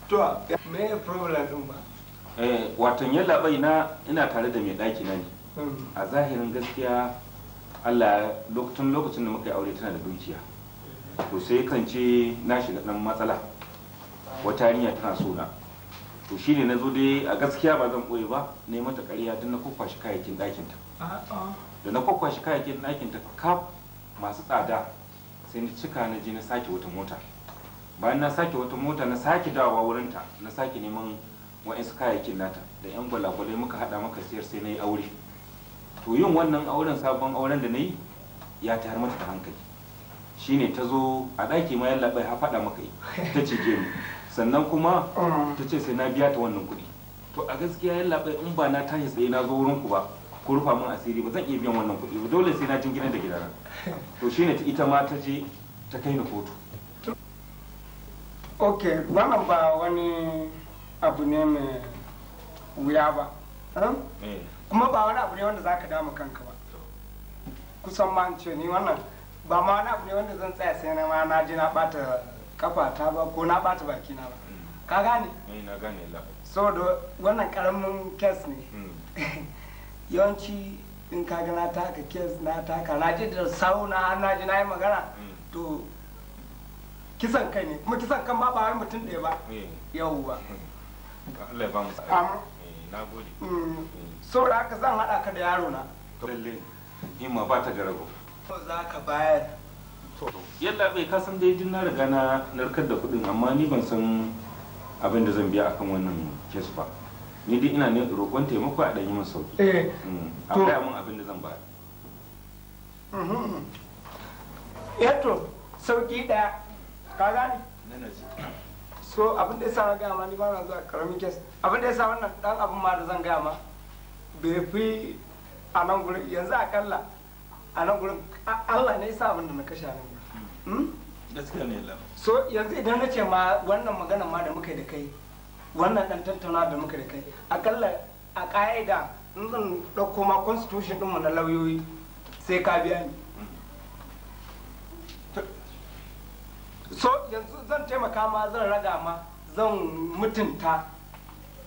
to me problem din E, eh, watan ya labai na ina tare da mai daki na ne hmm. a zahirin gaskiya Allah lokacin lokacin da muka yi aure tana da dukiya to sai kan ce na shiga dan matsala wata yarinya tana so na to shine na zo dai a gaskiya ba zan koyi ba ne mata ƙarya don na shi kayayyakin ɗakin ta da na shi kayayyakin ɗakin ta kaf masu tsada sai na cika na je na sake wata mota bayan na sake wata mota na sake dawowa wurinta na sake neman wa'insu kayayyakin nata da yan gwalagwalai muka haɗa maka siyar sai na yi aure to yin wannan auren sabon auren da na yi ya tayar mata da hankali shine ta zo a ɗaki ma yalla bai faɗa maka ta ce ni sannan kuma ta ce sai na biya ta wannan kuɗi to a gaskiya yalla bai in ba na tashi sai na zo wurin ku ba ku rufa min asiri ba zan iya biyan wannan kuɗi ba dole sai na jingina da gidana to shine ta ita ma ta je ta kai ni kotu ok ba wani abu ne mai wuya ba hmm? kuma ba wani abu ne wanda za ka dama kanka ba kusan ma ce ni wannan ba ma wani abu ne wanda zan tsaya sai na ma na ji na bata kafa ta ba ko na bata baki na ba hmm. ka gane na gane la do wannan karamin kes ne hmm. yawanci in ka gana ta taka kes na ka na ji da sau na har na ji na yi magana to kisan kai ne kuma kisan kan ba ba wani mutum ɗaya ba ba. Allah eh, na gode mm. eh. saboda haka zan haɗa ka da yaro na lalle himma ba ta garago to za ka bayar yalla bai ka san dai na riga na narkar da kuɗin amma ni ban san abin da zan biya akan wannan kes ba ni dai ina ne roƙon taimako a ɗan yi min sauki eh mm. a kai mun abin da zan ba yato mm-hmm. eh, sauki ɗaya ka gane so abin da ya sa gaya ma ni ba na zuwa karamin kes abin da sa wannan dan abin ma da zan gaya ma bai fi a nan gurin yanzu kalla a nan gurin Allah ne ya sa abin da na kashe nan gurin hmm? gaskiya ne Allah so yanzu idan na ce ma wannan magana ma da muka da kai wannan dan tattauna da muka da kai kalla a ka'ida in zan dauko ma constitution din mu na lauyoyi sai ka biya ni so yanzu zan taimaka ma zan raga ma zan mutunta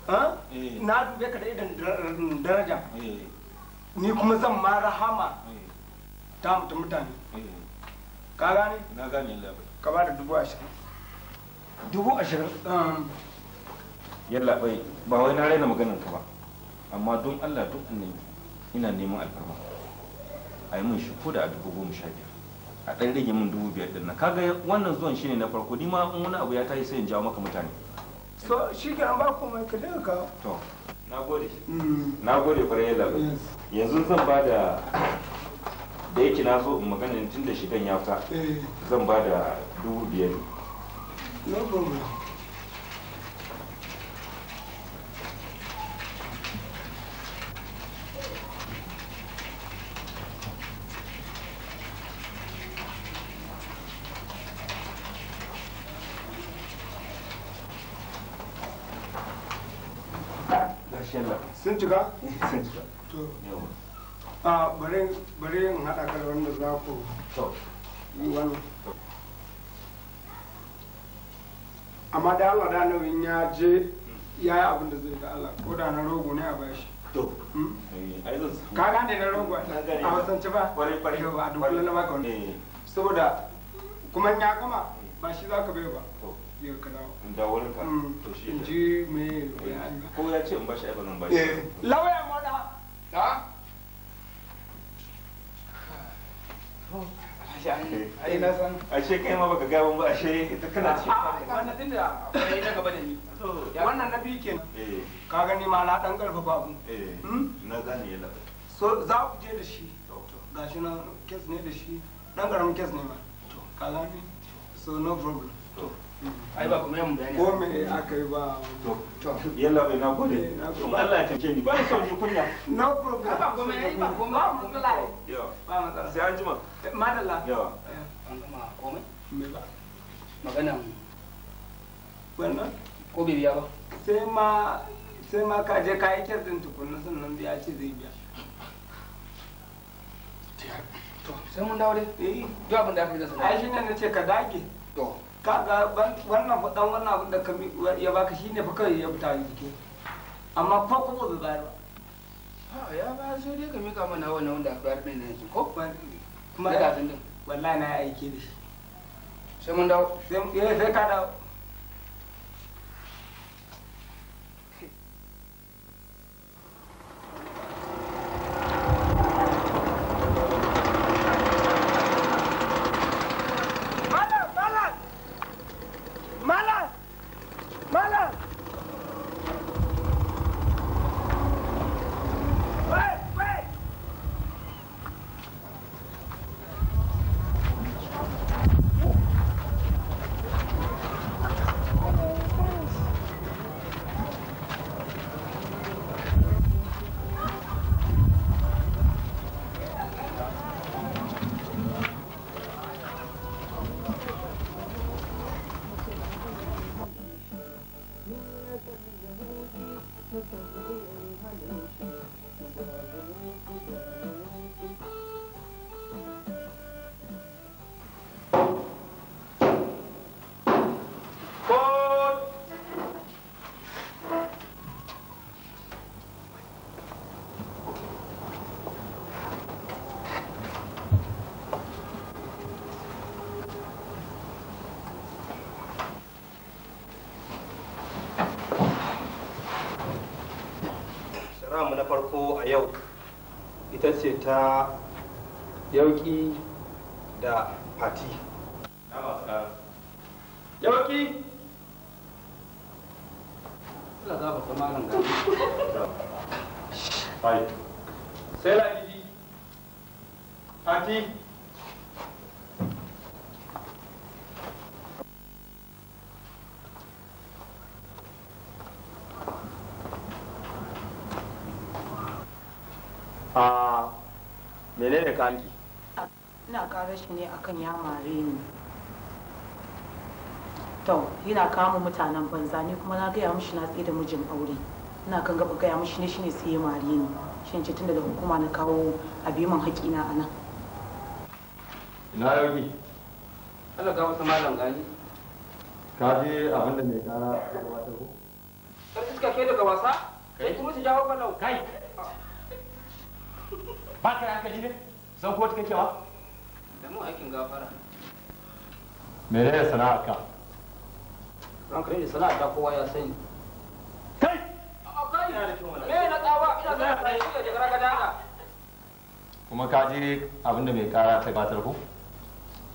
eh. na dube ka da idan daraja eh. ni kuma zan ma rahama eh. ta mutu mutane ka gane? na gane labai ka ba da dubu ashirin dubu ashirin um, yalla bai ba wai na raina maganar ka ba amma don allah duk ina neman alfarma a yi mun shi ko da a dubu goma sha biyar a ɗan rage min dubu biyar ɗin nan kaga wannan zuwan shine na farko ni ma in wani abu ya tashi sai in jawo maka mutane so shi ke an ba ku mai ka daga ka to na gode mm. na gode kwarai da yanzu zan ba da da yake na zo in magana tun da shigan ya fita eh. zan ba da dubu biyar ne sun cika sun cika to a bari bare in hada ka da wanda za ku to yi wani amma da Allah da nauyin ya je ya yi abin da zai da Allah ko da na rogo ne a bashi to hmm? eh, ka gane na rogo a wasance ba a dukkan na baka wani eh. saboda kuma ya gama eh. ba shi za ka bai ba daga kadawa da wurinka to shi in ji me ko ya ce in bashi ai ba bashi lauya mada da ai na san ashe kai ma baka gaban ba ashe ita kana ce wannan din da akwai na gaba da ni wannan na biyu kenan ka gani ma na dan karfa babu na gane ya lafa so za ku je da shi gashi na kes ne da shi dan karamin kes ne ma ka gani so no problem to mm. ai ba kuma yamu bayani ko me aka yi ba to to yalla mai na gode kuma eh, Allah ya tace ni ba so ji kunya no problem ba kuma yayi ba kuma ba mun kula yo ba matsala sai an jima eh, madalla yo eh, an gama komai me ba magana wannan ko bi biya ba sai ma sai ma ka je ka yi kyar din tukunna sannan zai ya ce zai biya to sai mun dawo dai eh duk abin da aka yi da sai ai ne nace ka dage to kaga wannan faɗan wannan abin da ya baka shine fa kai ya fita jiki amma ko kuma bai bayar ba ya ba sai dai ka mika mana wannan wanda aka bayar din yanzu ko kuma da din wallahi na aike da shi sai mun dawo sai eh, ka dawo ita ce ta yauki ne akan ya mare ni to yana kama mutanen banza ne kuma na gaya mishi na tsaye da mijin aure ina kan gaba gaya mishi ne shine sai ya mare ni shin ce tun da hukuma na kawo abiman haƙi a nan ina yogi Allah ga wata malam gani ka je abin da mai kara da gabatar ko kar iska ke daga wasa kai kuma su jawo balau kai ba ka hankali ne san ko kake wa aikin gafara mene ne sana'a ka ranka ne sana'a ta kowa ya sani kai me na tsawa ina da kai shi da gargada kuma ka je abinda mai kara ta gabatar ko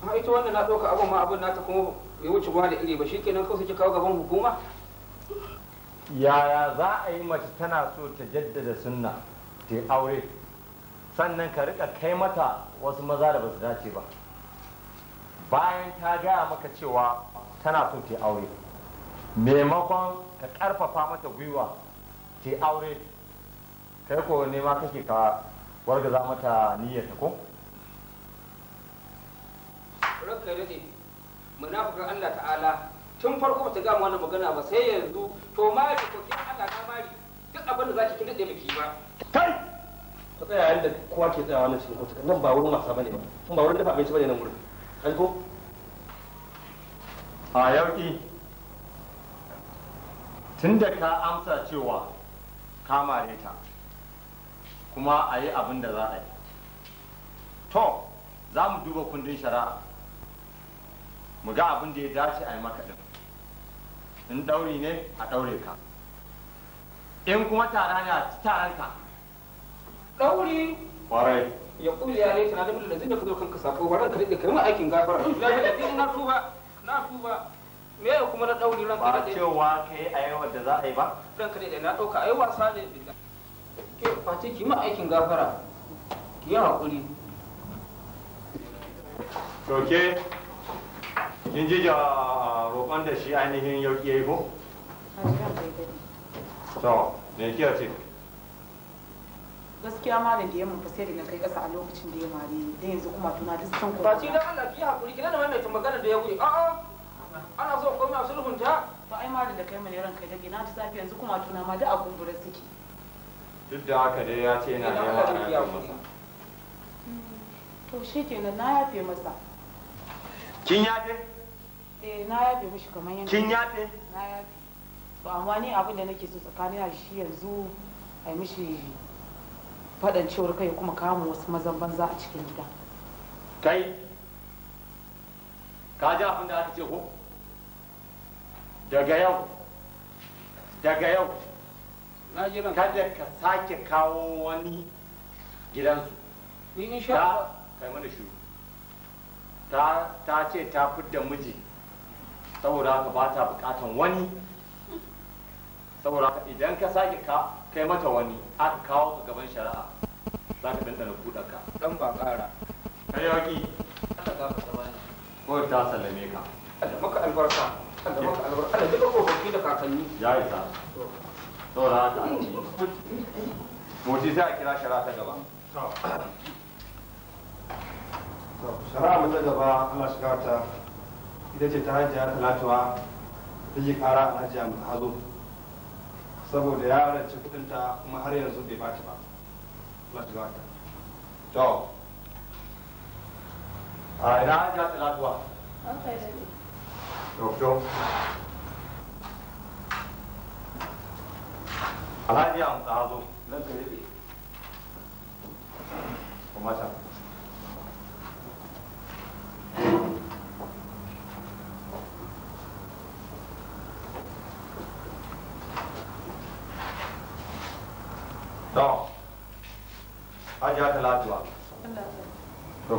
amma ita wannan na ɗauka abun ma abin nata kuma ya wuce gwa da iri ba shikenan kawai suke kawo gaban hukuma yaya za a yi mace tana so ta jaddada sunna ta aure sannan ka rika kai mata wasu maza da ba su dace ba bayan ta gaya maka cewa tana so ta aure maimakon ka karfafa mata gwiwa ta aure kai ko nema kake ka wargaza mata niyyar ta ko ranka dade munafikan Allah ta'ala tun farko bata gama wannan magana ba sai yanzu to mari ko kin Allah na mari duk abin da zaki kin dade biki ba kai ka tsaya yanda kowa ke tsayawa nan cikin kotu nan ba wurin wasa bane ba kuma ba wurin dafa abinci bane nan wurin kai a ka amsa cewa ka mare ta kuma a yi abin da za a yi to za mu duba kundin shari'a mu ga abin da ya dace a yi maka ɗin in ɗauri ne a ɗaure ka in kuma tara ne a ci taranka ɗauri ƙwarai ya kuli ya da na zama lalazin da ka zo kanka sako ba ranka daɗe kai ma aikin gafara in da na tuba na tuba me ya kuma na ɗauri ranka daɗe ba cewa ka yi ayyawar da za a yi ba ranka daɗe na ɗauka a yi wasa ne ke face ki ma aikin gafara ki yi haƙuri to ke kin ji ga roƙon da shi ainihin yau ya yi ko? to me kiyar ce? gaskiya malam da yamma sai da na kai kasa a lokacin da ya mare ni da yanzu kuma tuna duk san ko ba ci dan Allah ki hakuri kina da mai magana da ya wuce a a ana so ko mai sulhun ta to ai malam da kai mai ran kai da na ta safi yanzu kuma tuna ma da a kumbura suke duk da haka dai ya ce yana da yawa masa mm. to shi kenan na yafe masa kin yafe eh na yafe mishi kamar yanda kin yafe na yafe to amma ni abin da nake so tsakanin shi yanzu ai mishi faɗan cewar kai kuma kamun wasu mazan banza a cikin gida kai ka ji abin da aka ce ko daga yau daga yau kada ka sake kawo wani gidansu ta kai mana shiru ta ta ce ta fidda miji saboda haka ba ta bukatan wani saboda idan ka sake ka kai mata wani aka kawo ka gaban shari'a za ka dandana kudanka dan ba ƙara kai yaki Allah ka fasa bani ko ta sallame ka Allah maka albarka Allah maka albarka Allah duka kofofi da kakanni ya isa to ra ta ci moti sai a kira shara ta gaba shara mu ta gaba Allah shiga ta ita ce ta hajjiya talatuwa ta ji kara a hajjiya mu hazo saboda ya rance kudinta kuma har yanzu bai bata ba ba ta to a ina an ja talatuwa to alhaji amsa hazo nan ka yi kuma ta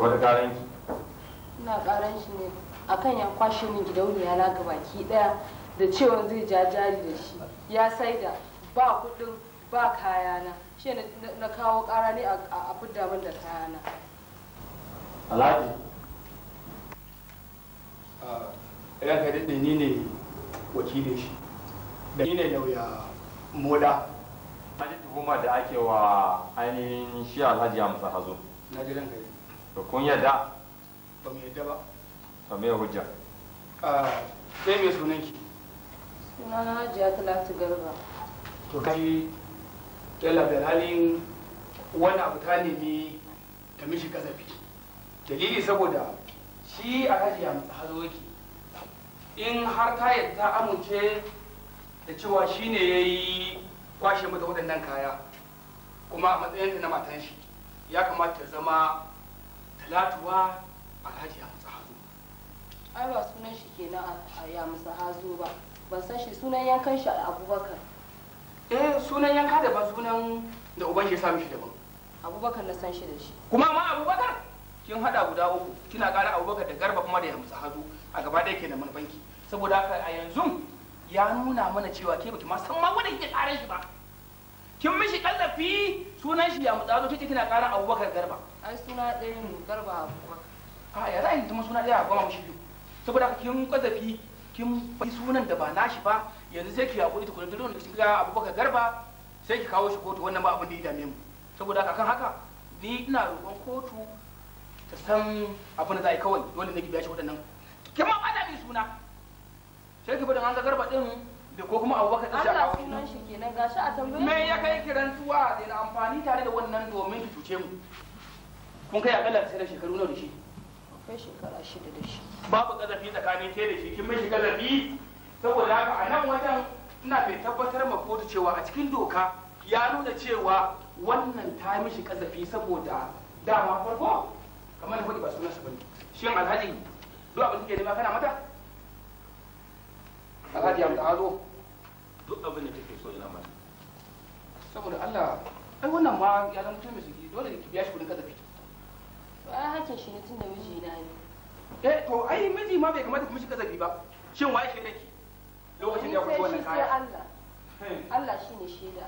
faɗi ƙaran ina ƙaran ne a kan ya kwashe min gidauniya na gaba ki ɗaya da cewa zai ja jari da shi ya sai da ba kuɗin ba kayana shi na kawo kara ne a fidda min da kayana alhaji ah, kai daɗe ni ne wakilin shi da ni ne lauya moda wani tuhuma da ake wa ainihin shi alhaji amsa hazo na jiran ranka to kun yadda ba mu yadda ba to me hujja sai ah, me sunanki sunana hajiya talatu garba to kai yalla da halin wani abu ta nemi ta mishi kasafi dalili saboda shi a hajiya hazo yake in har ta yadda amince da cewa shi ne ya yi kwashe mata waɗannan kaya kuma a matsayinta na matan shi ya kamata ta zama latuwa alhaji ya musa hazo ai ba sunan shi nan ya musa hazo ba ban san shi sunan yankan shi abubakar eh sunan yanka da ban sunan da uban shi ya sami shi daban abubakar na san shi da shi kuma ma abubakar kin hada guda uku kina kara abubakar da garba kuma da ya musa hazo a gaba yake kenan manbanki saboda haka a yanzu ya nuna mana cewa ke baki ma san ma wanda yake kare shi ba kin mishi kallafi sunan shi ya mutsazo kike kina kara abubakar garba ai suna ɗaya ne garba abubakar a ya ra'ayin zama suna ɗaya abubakar mashi biyu saboda haka kin kwazafi kin fi sunan da ba nashi ba yanzu sai ki ya haƙuri tukunan da wanda kika abubakar garba sai ki kawo shi kotu wannan ba abin da ya dame mu saboda haka kan haka ni ina roƙon kotu ta san abin da za a yi kawai dole ne ki biya shi waɗannan kin ma bada mai suna sai ki bada an ga garba ɗin da ko kuma abubakar ɗin sai a kawo sunan shi kenan gashi a tambaye me ya kai kiran tuwa da amfani tare da wannan domin ki cuce mu kun kai akalla sai da shekaru nawa da shi kai shekara shida da shi babu kazafi tsakanin ke da shi kin mishi kazafi saboda haka a nan wajen ina mai tabbatar ma kotu cewa a cikin doka ya nuna cewa wannan ta mishi kazafi saboda dama farko kamar na faɗi ba sunan su bane shi alhaji duk abin da ke nema kana mata alhaji amda azo duk abin da ke so ina mata saboda Allah ai wannan ma ya zama mutum mai sigi dole ki biya shi kudin kazafi hakin shi ne miji na ne. Eh to ai miji ma bai kamata ku mishi kazafi ba. Shin waye shaidar ki? Lokacin da wannan kaya. Allah. Hmm. Allah shaida.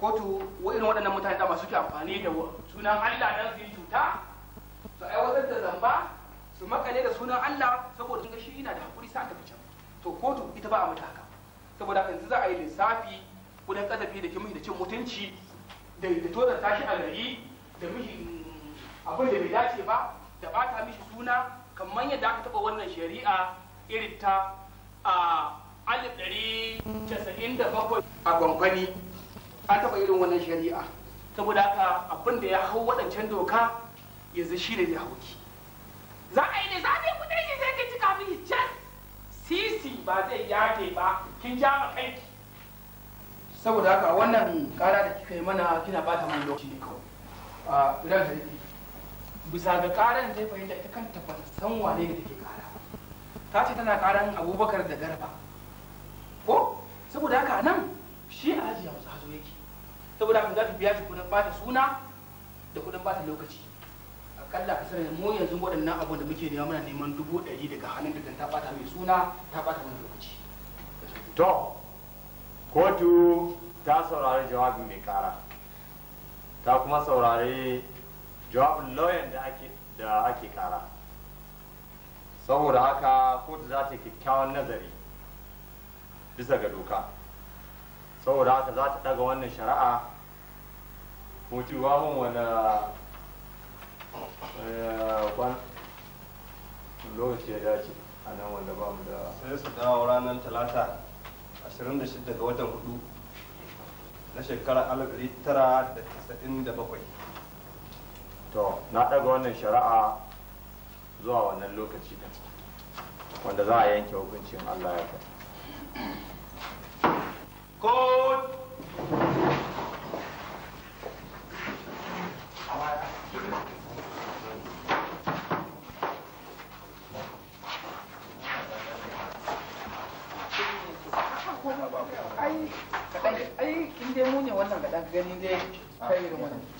kotu irin waɗannan mutane dama suke amfani da sunan Allah dan su yi cuta su aiwatar da zamba su makale da sunan Allah saboda sun ga shi yana da hakuri sa ta fice to kotu ita ba a mata haka saboda yanzu za a yi lissafi kudin kazafi da kimi da cin mutunci da da tozarta shi a gari da mishi abin da bai dace ba da ba ta mishi suna kamar yadda aka taba wannan shari'a irin ta a alif ɗari casa'in da bakwai a gwangwani ta taba irin wannan shari'a saboda haka abin da ya hau waɗancan doka yanzu shi ne zai hauki za a yi ne za a yi kudin shi sai kafin kafin can sisi ba zai yaje ba kin ja ma kanki saboda haka wannan kara da kika yi mana kina bata mana lokaci ne kawai a idan bisa ga karan zai fahimta ita kan ba san wane da take kara ta ce tana karan abubakar da garba ko saboda haka nan shi a hajiya musu hazo yake saboda haka za biya shi kudin bata suna da kudin bata lokaci akalla ka sanar mu yanzu waɗannan abu da muke nema muna neman dubu ɗari daga hannun da ta bata mai suna ta bata mana lokaci to kotu ta saurari jawabi mai kara ta kuma saurari jawabin lauyan da ake da ake kara saboda haka kotu za ta kyakkyawan nazari bisa ga doka saboda haka za ta daga wannan shari'a ko cewa mun wani eh, kwan lokaci ya dace a nan wanda ba mu da sai su dawo ranar talata 26 ga watan hudu na shekarar 1997 to na daga wannan shari'a zuwa wannan lokaci da wanda za a yanke hukuncin Allah ya kai Code. ai ai, kin dai mu ne wannan ga dan gani dai kai irin wannan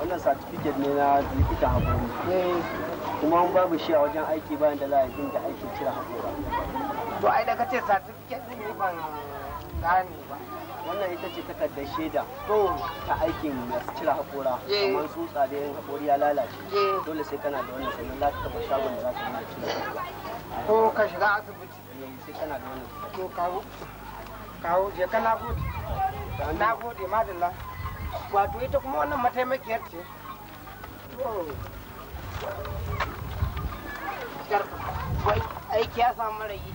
wannan certificate ne na likita haƙori eh, kuma an babu shi a wajen aiki bayan da za a yi da aiki cire haƙora to ai da ka ce certificate ne ban gane ba wannan ita ce takardar shaida to ta aikin masu cire haƙora eh. kamar tsutsa da yin haƙori ya lalace eh. dole sai kana da wannan sannan za ka taɓa shagon da za ka nuna cire haƙora ko ka shiga asibiti sai kana da wannan to kawo kawo je ka na gode na gode madalla wato ita kuma wannan mataimakiyar ce aiki ya samu rayi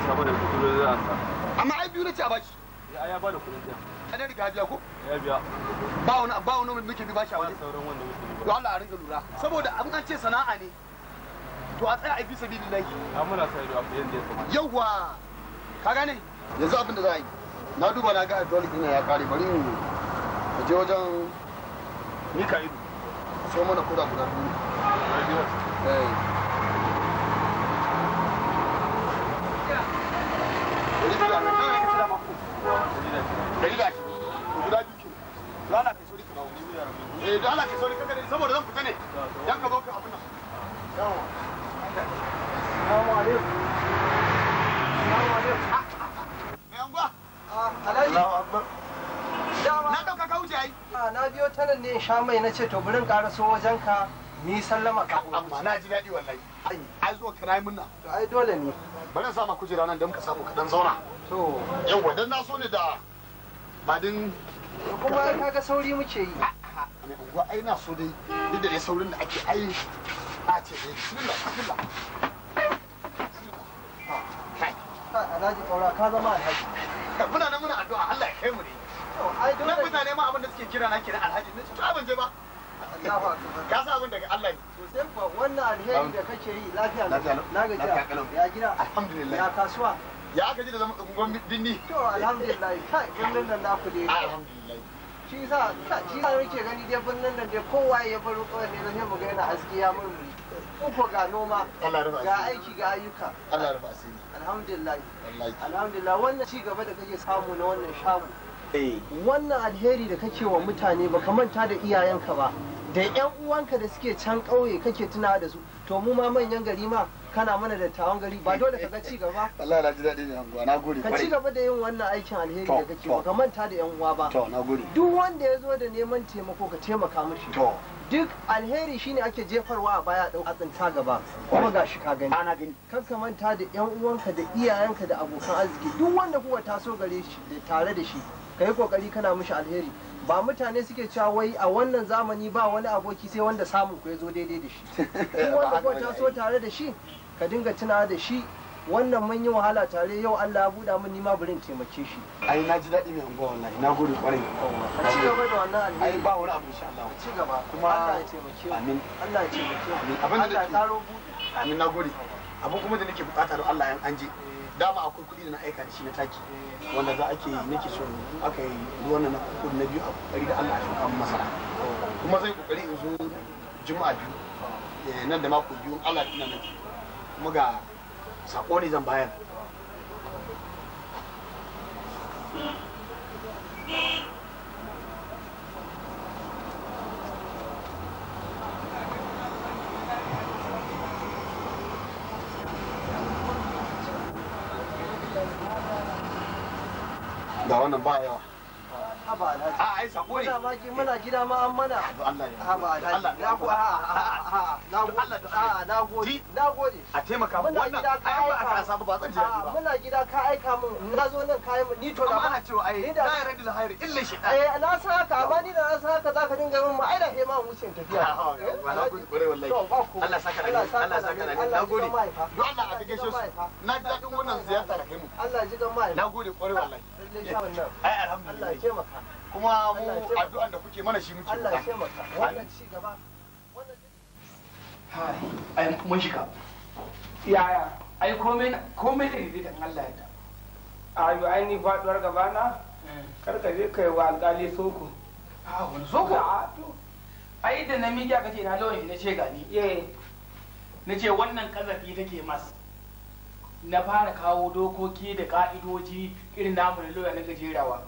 ban samu da kuɗi a sa amma ai biyu na ce a baki ya ya bada kuɗin jiya ana riga biya ko ya biya ba wani ba wani muke bi bashi a waje sauran wanda muke to Allah a ringa lura saboda an an ce sana'a ne to a tsaya a bi sabilillahi sai da abin da ya kamata yawa ka gane yanzu abin da za a yi na duba na ga ya kare bari in je wajen mika ido sai mana guda biyu eh mai na ce to burin karaso wajen ka ni sallama ka amma na ji daɗi wallahi ai zo ka nayi munna to ai dole ne bari sa ma kujera nan da muka samu ka dan zauna to yawa dan na so ne da ba din kuma ga sauri muke yi mai unguwa ai na so dai duk da dai saurin da ake ai a ce dai bismillah bismillah Alhaji Kaura ka zama alhaji. Muna nan muna addu'a Allah ya kai mu ne. na kusa neman abin da suke kira na kira alhaji na to abin je ba ka sa abin daga Allah ne sosai fa wannan alheri da kake yi lafiya na gaji ya gida alhamdulillah ya kasuwa ya gaji da zama tsugungon dinni to alhamdulillah kai birnin nan na ku dai ah, alhamdulillah shi sa shi sa nake gani dai birnin nan dai kowa ya bar ruwa ne na mu ga yana haske ya murmuri uku ga noma ga aiki ga ayyuka Allah ya rufa asiri alhamdulillah alhamdulillah wannan ci gaba da kake samu na wannan shamu Eh, wannan alheri da kake wa mutane ba ka manta da iyayenka ba da yan uwanka da suke can kauye. kake tuna da su to mu ma manyan gari ma kana mana da tawon gari ba dole ka ga ci gaba Allah na ji daɗi ne hango na gode ka ci gaba da yin wannan aikin alheri da kake ba ka manta da yan uwa ba to na gode duk wanda ya zo da neman taimako ka taimaka mishi to duk alheri shine ake jefarwa a baya a tsinta gaba kuma ga shi ka gani ana ah, gani kar ka manta da yan uwanka da iyayenka da abokan arziki duk wanda kuka taso gare shi da tare da shi ka yi kokari kana mishi alheri ba mutane suke cewa wai a wannan zamani ba wani aboki sai wanda samun ku ya zo daidai da shi wanda ko ta so tare da shi ka dinga tuna da shi wannan mun yi wahala tare yau Allah ya buɗa mun nima burin taimake shi ai na ji daɗi mai unguwa wallahi na gode kwarai ka ci gaba da wannan alheri ai ba wani abu insha Allah ci gaba kuma Allah ya taimake mu amin Allah ya taimake mu amin abin da Allah ya tsaro buɗe amin na gode abu kuma da nake bukata don Allah ya an je dama akwai kuɗi da na aika da shi na taki wanda za ake yi nake so aka yi ruwan na kuɗi na biyu a kokari da Allah a kan masara kuma zai kokari in zo juma'a biyu eh, nan da mako biyu Allah ina nan kuma ga sako ne zan bayar wannan ba yawa haba a ai ma an na na ji ba muna gida ka aika hmm. na zo nan ni to da da ya hayri illa na san haka amma ni da na san haka zaka dinga min ai da kai ma wucin tafiya oh, na wallahi Allah saka Allah na gode don Allah a su na ji dadin wannan da mu Allah na gode kware wallahi ai alhamdulillah kuma mu addu'an da kuke mana shi muke Allah ya taimaka wannan ci gaba wannan ai mun shiga yaya ai komai komai da Allah ya ta ayo ai ni faduwar gaba na eh. kar ka je kai wa alƙali soko a wani soko a to ai da namiji aka ce na lawan shi na ce gani eh na ce wannan kazafi take masa na fara kawo dokoki da ka'idoji irin namu na lauya na gajerawa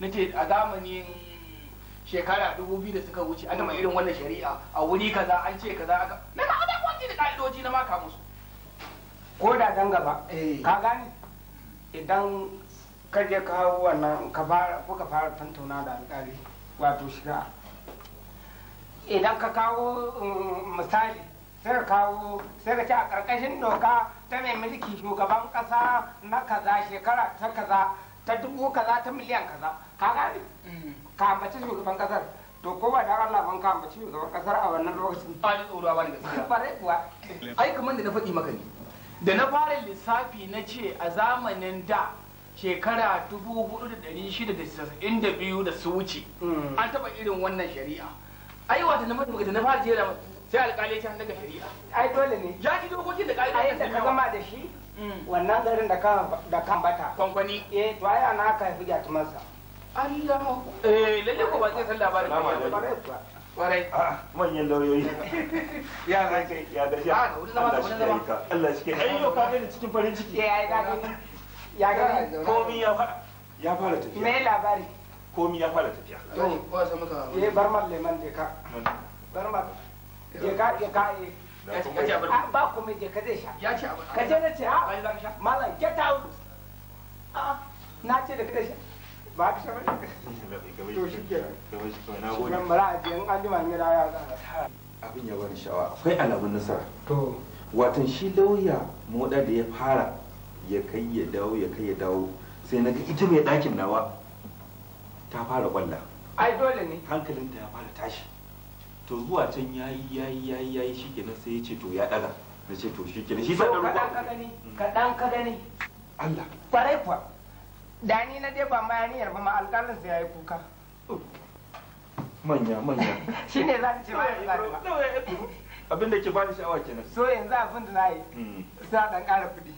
na ce a zamanin shekara dubu biyu da suka wuce ana mai irin wannan shari'a a wuri kaza an ce kaza aka na ka da kwanci da ka'idoji na maka musu ko da dan gaba eh. ka gane idan ka je kawo wannan ka fara kuka fara tantauna da alƙali wato shiga idan ka kawo mm, misali sai ka kawo sai ka ce a ƙarƙashin doka ta mai mulki shugaban kasa na kaza shekara ta kaza ta dubu kaza ta miliyan kaza ka gani mm. ka ambaci shugaban kasar to ko ba da Allah ban ka ambaci shugaban kasar a wannan lokacin ba ni tsoro ba ni gaskiya ba kuwa ai kamar da na faɗi maka ne da na fara lissafi na ce a zamanin da shekara 4692 da su wuce mm. an taɓa irin wannan shari'a ai wata na mutum da na fara jera sai alƙali ya ci daga shari'a ai dole ne ya ci dokokin da ƙa'ida ai ka gama da shi mm. wannan garin da kan da kan bata kwankwani eh to ai ana ka fi jatumarsa Allah eh lalle ko ba zai san labarin ba kwarai ah, manyan lauyoyi ya zai ya da shi ah, Allah shi ka Allah shi ka ai ka gani cikin farin ciki eh, ya ga ya ah, ga komi ya fara ya fara tafiya me labari komi ya fara tafiya to ko sai muka eh bar malleman je ka bar malleman je ka je ka eh. ah, ba ku mai je ka zai sha ya ce abu ka je na ce ha malam get out a ah, na ce da ka sha ba ka sha ba to shi ke na gode nan bara a je in an jima ne da ya abin ya bani sha'awa akwai alamun nasara to watan shi lauya moda da ya fara ya kai ya dawo ya kai ya dawo sai na ga ita mai ɗakin nawa ta fara kwalla ai dole ne hankalinta ya fara tashi to zuwa can yayi yayi yayi yayi shikenan sai ya ce to ya ɗaga na ce to shikenan shi sanar ruwa kadan ka gani kadan ka gani Allah kwarai kuwa da ni na dai ba ma ya yaniyar ba ma alƙalin sai yi kuka manya manya shine za ki ce ba abin da ke bani sha'awa kenan so yanzu abin da na yi za a dan mm. ƙara kuɗi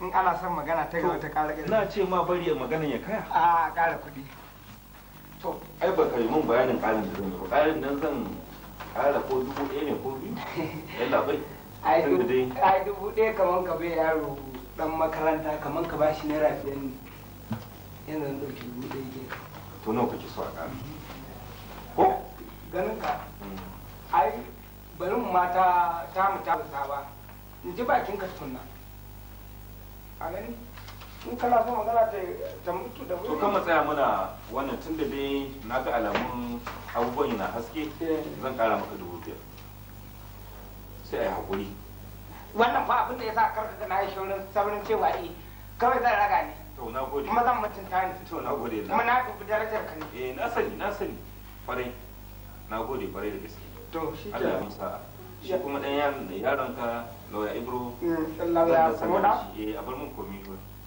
in ana son magana ta gaba ta ƙara na ce ma bari maganan ya kaya a ƙara kuɗi to ai ba ka yi mun bayanin ƙarin da zan yi ƙarin nan zan ƙara ko dubu ɗaya ne ko biyu yalla bai ai dubu ɗaya kaman ka bai yaro dan makaranta kaman ka bashi naira biyar ne yan zan ɗauki dubu ɗaya ke to nawa kake so a ƙara mhm. ko ganin ka mm. ai bari mu mata ta mu ta ba in ji bakin ka tunna a gani in kana so magana ta mutu da to kan matsaya muna wannan tun da dai na ga alamun abubuwan yana haske zan kara maka dubu biyar sai a yi haƙuri wannan fa abin da ya sa karka na yi shaurin saurin cewa eh kawai zan raga ne to na gode kuma zan mutunta ni to na gode kuma na dubi darajar ka ne eh na sani na sani kwarai na gode kwarai da gaske to shi Allah ya musa shi kuma dan yaron ka lawyer ibro Allah ya samu da eh a bar mun komi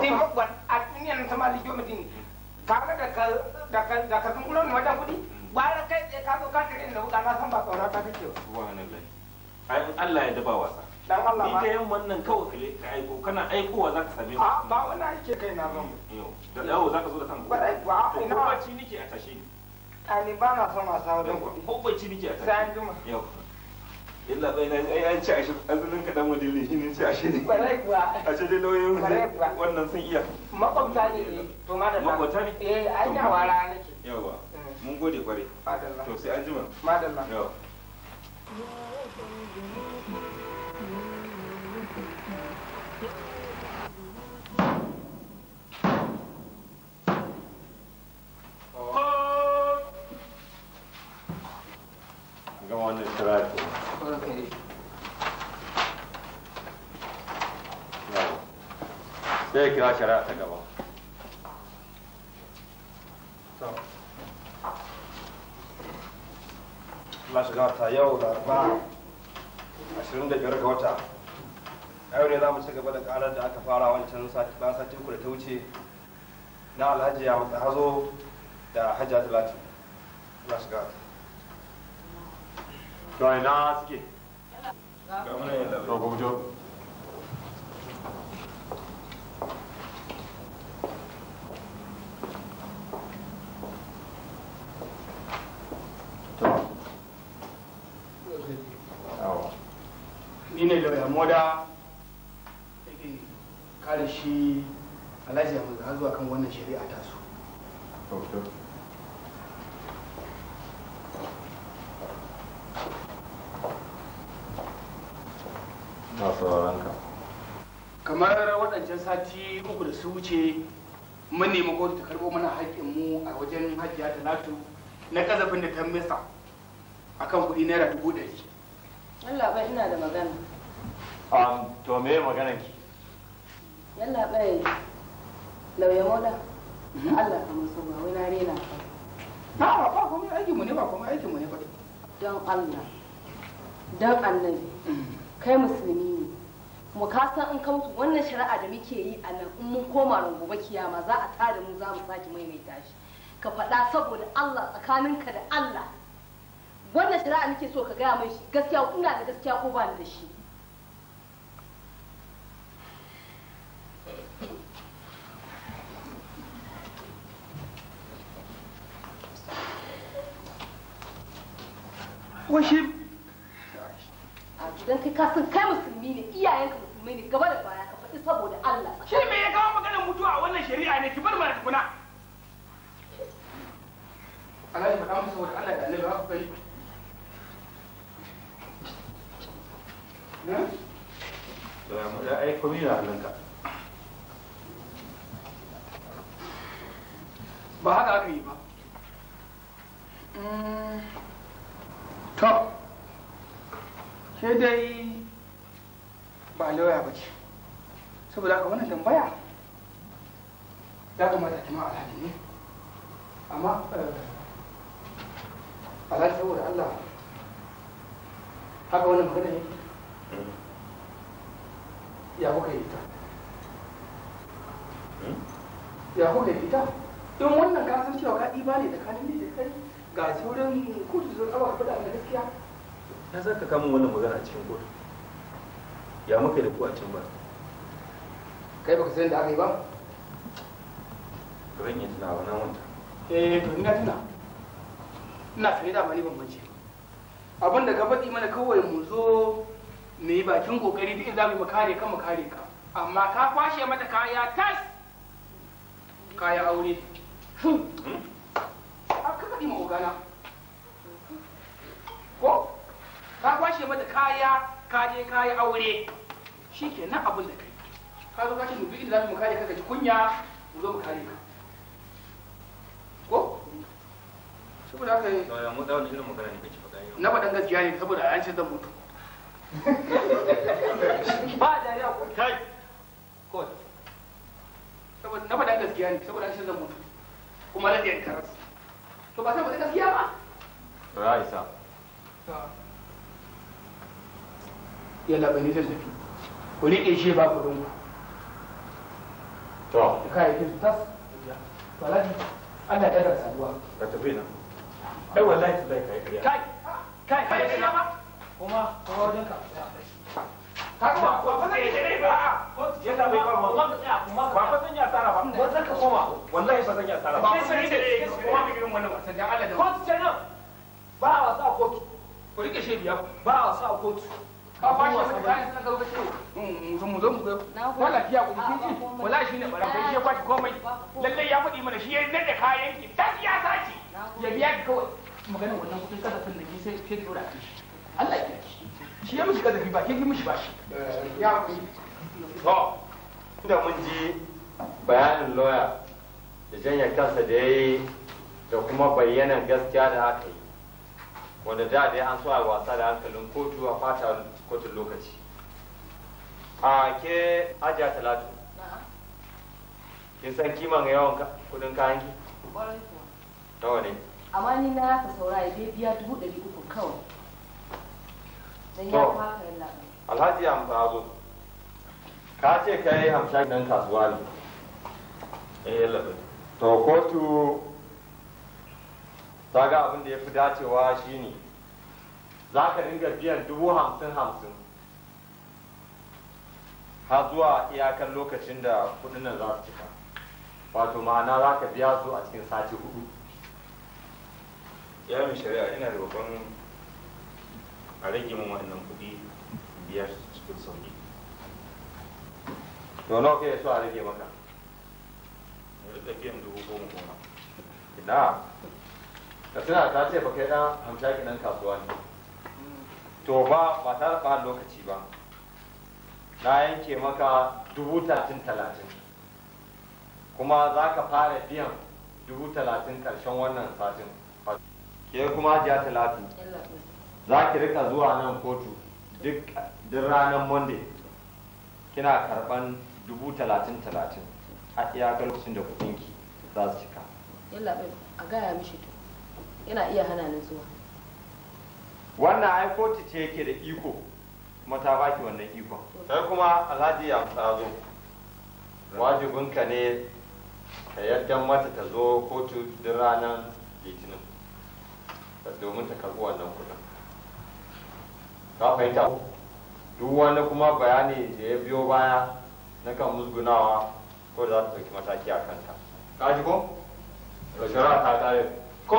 ti mabban adiniyan sama lijo mutum kaga da ka da ka da ka dungulo ne wajen kudi bara kai tsaye ka zo ka tare da wuka na san ba tsaura ta kake ba subhanallahi ai Allah ya daba wasa dan Allah ba ita yan wannan kawai kale ka aiko kana aikowa zaka same ka a ba wani ake kai na zan yau da yawo zaka zo da kanka ba ai ba ina ba ci nike a tashi ni ani ba na son wasa wajen kudi ko ba ci nike a tashi sai an juma yau illa bai na ai an ci a ashe azumin ka wadili shi ne ci ashe ne bare kuwa ashe dai lauyoyin wannan sun iya makwabta ne to ma da makwabta ne eh an ya wara nake yawa mm. mun gode kware to sai an jima madalla yawa zai kira shari'a ta gaba Allah shiga ta yau da biyar ga wata yau ne za mu ci gaba da karar da aka fara wancan bayan sati uku da ta wuce na alhaji ya mata hazo da Hajji talatin Allah shiga ta to ina suke ga mun ne da damuwa da kare shi alhaji yanzu har zuwa kan wannan shari'a ta su kamar waɗancan sati uku da su wuce mun nemi kotu ta karɓo mana haƙƙin mu a wajen ta talatu na kazafin da ta misa akan kuɗi naira dubu ɗari Allah ba ina da magana Um, to me maganan ki yalla bai lauya moda Allah ka musu ba wai na rena ba ba kuma aikin mu ne ba kuma aikin mu ne ba don Allah don annabi kai musulmi ne kuma ka san in ka mutu wannan shari'a da muke yi a nan in mun koma ran gobe kiyama za a tada mu za mu saki maimaita shi ka faɗa saboda Allah tsakaninka da Allah wannan shari'a nake so ka gaya mai shi gaskiya ina da gaskiya ko ba ni da shi washi a gidan kai ka san kai musulmi ne iyayenka musulmi ne gaba da baya ka faɗi saboda Allah shi me ya kawo maganar mutuwa a wannan shari'a ne ki bar mana tukuna Alhaji faɗa musu saboda Allah da Allah ba ku kai hmm? Ya aiko mina hannunka. ba haka aka yi ba hmm. to ke dai ba lauya ba ce saboda haka wannan tambaya ya kamata ta ma alhaji ne amma eh, alhaji saboda Allah haka wannan magana ne ya kuka yi ta hmm? ya kuka yi ta in wannan kasan cewa ka ɗiba ne kanin ne da kai ga sauran kotu sun awa faɗa na gaskiya ya za ka kama wannan magana a cikin kotu ya muka yi da ku a can ba kai baka san da aka yi ba ban yi tuna ba na wanta eh to ina tuna ina sani da mali ban bance abin da ka faɗi mana kawai mu zo mu yi bakin kokari duk za mu mu kare ka mu kare ka amma ka kwashe mata kaya tas kaya aure hmm? faɗi ogana ko ka kwashe mata kaya ka je ka aure shi ke nan abin da kai ka zo ka mubi inda za mu kare ka ji kunya mu zo mu kare ka ko saboda haka yi na faɗan gaskiya ne saboda an ce zan mutu ba da ya ko kai ko saboda na faɗan gaskiya ne saboda an ce zan mutu kuma radiyan karas to bata a mu ta ba ra'isa yalla bai zai tafi ku riƙe shi ba ku dungu to tas Allah ya dara sabuwa ka tafi na ai kai kai kai kai kuma kuma wajen haka ba zan yi dare ba ya ta bai kama ba ba zan yi asara ba ba zan ka koma wallahi ba zan yi asara ba ba zan yi dare kuma mu girin wasan dan Allah da kotu ce nan ba a wasa a kotu ko rike shi biya ba a wasa a kotu ka ba shi wani kayan sun ka zo ce mu zo mu ga ko lafiya ku kin ji wallahi shine bara ko ya kwaci komai lalle ya faɗi mana shi a nade kayan ki dan ya sace ya biya ki kawai maganar wannan kudin kasafin da ki sai ke dora Allah ya kiyaye shi ya mishi kadafi ba ke yi mishi ba shi ya to da mun ji bayanin loya da janyar kansa da ya yi da kuma bayyana gaskiya da aka yi wanda da dai an so a wasa da hankalin kotu a fata kotun lokaci a ke ajiya talatu kin san kiman yawan kudin kayan ki? ta ne. amma ni na ka saurari bai biya dubu ɗari uku kawai to alhaji amfazo ka ce ka yi hamshakin nan kasuwa ne eh, to kotu ta ga abin da ya fi dacewa shine za ka dinga biyan dubu hamsin hamsin har zuwa iyakar lokacin da kudin nan za su cika wato ma'ana za ka biya su a cikin sati hudu ya mai shari'a ina da babban a rage mu wannan kuɗi biyar cikin sauki to nawa kai so a rage maka mu rika biyan dubu goma goma ina ka tuna ta ce ba kai hamsha ki nan kasuwa ne to ba ba ta ba lokaci ba na yanke maka dubu talatin talatin kuma za ka fara biyan dubu talatin karshen wannan satin ke kuma ja talatin za ki rika zuwa nan kotu duk ranar monday kina karban dubu talatin talatin a iyakar lokacin da kudinki za su cika yalla bai a gaya mishi to yana iya hana ni zuwa wannan ai kotu ce yake da iko kuma ta baki wannan iko. sai kuma alhaji ya tsazo wajibinka ne ka yarda mata ta zo kotu duk ranar litinin domin ta karbi wannan kuɗi ka duk wani kuma bayani da ya biyo baya na kan musgunawa ko za ta ɗauki mataki a kanta ka ko da shara ta tare ko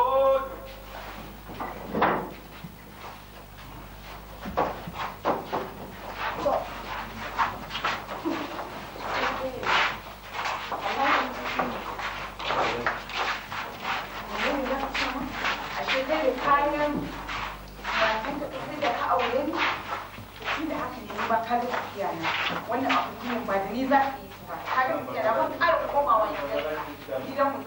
ni za ki yi ba da ƙara komawa gidan mu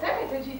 zai ta ji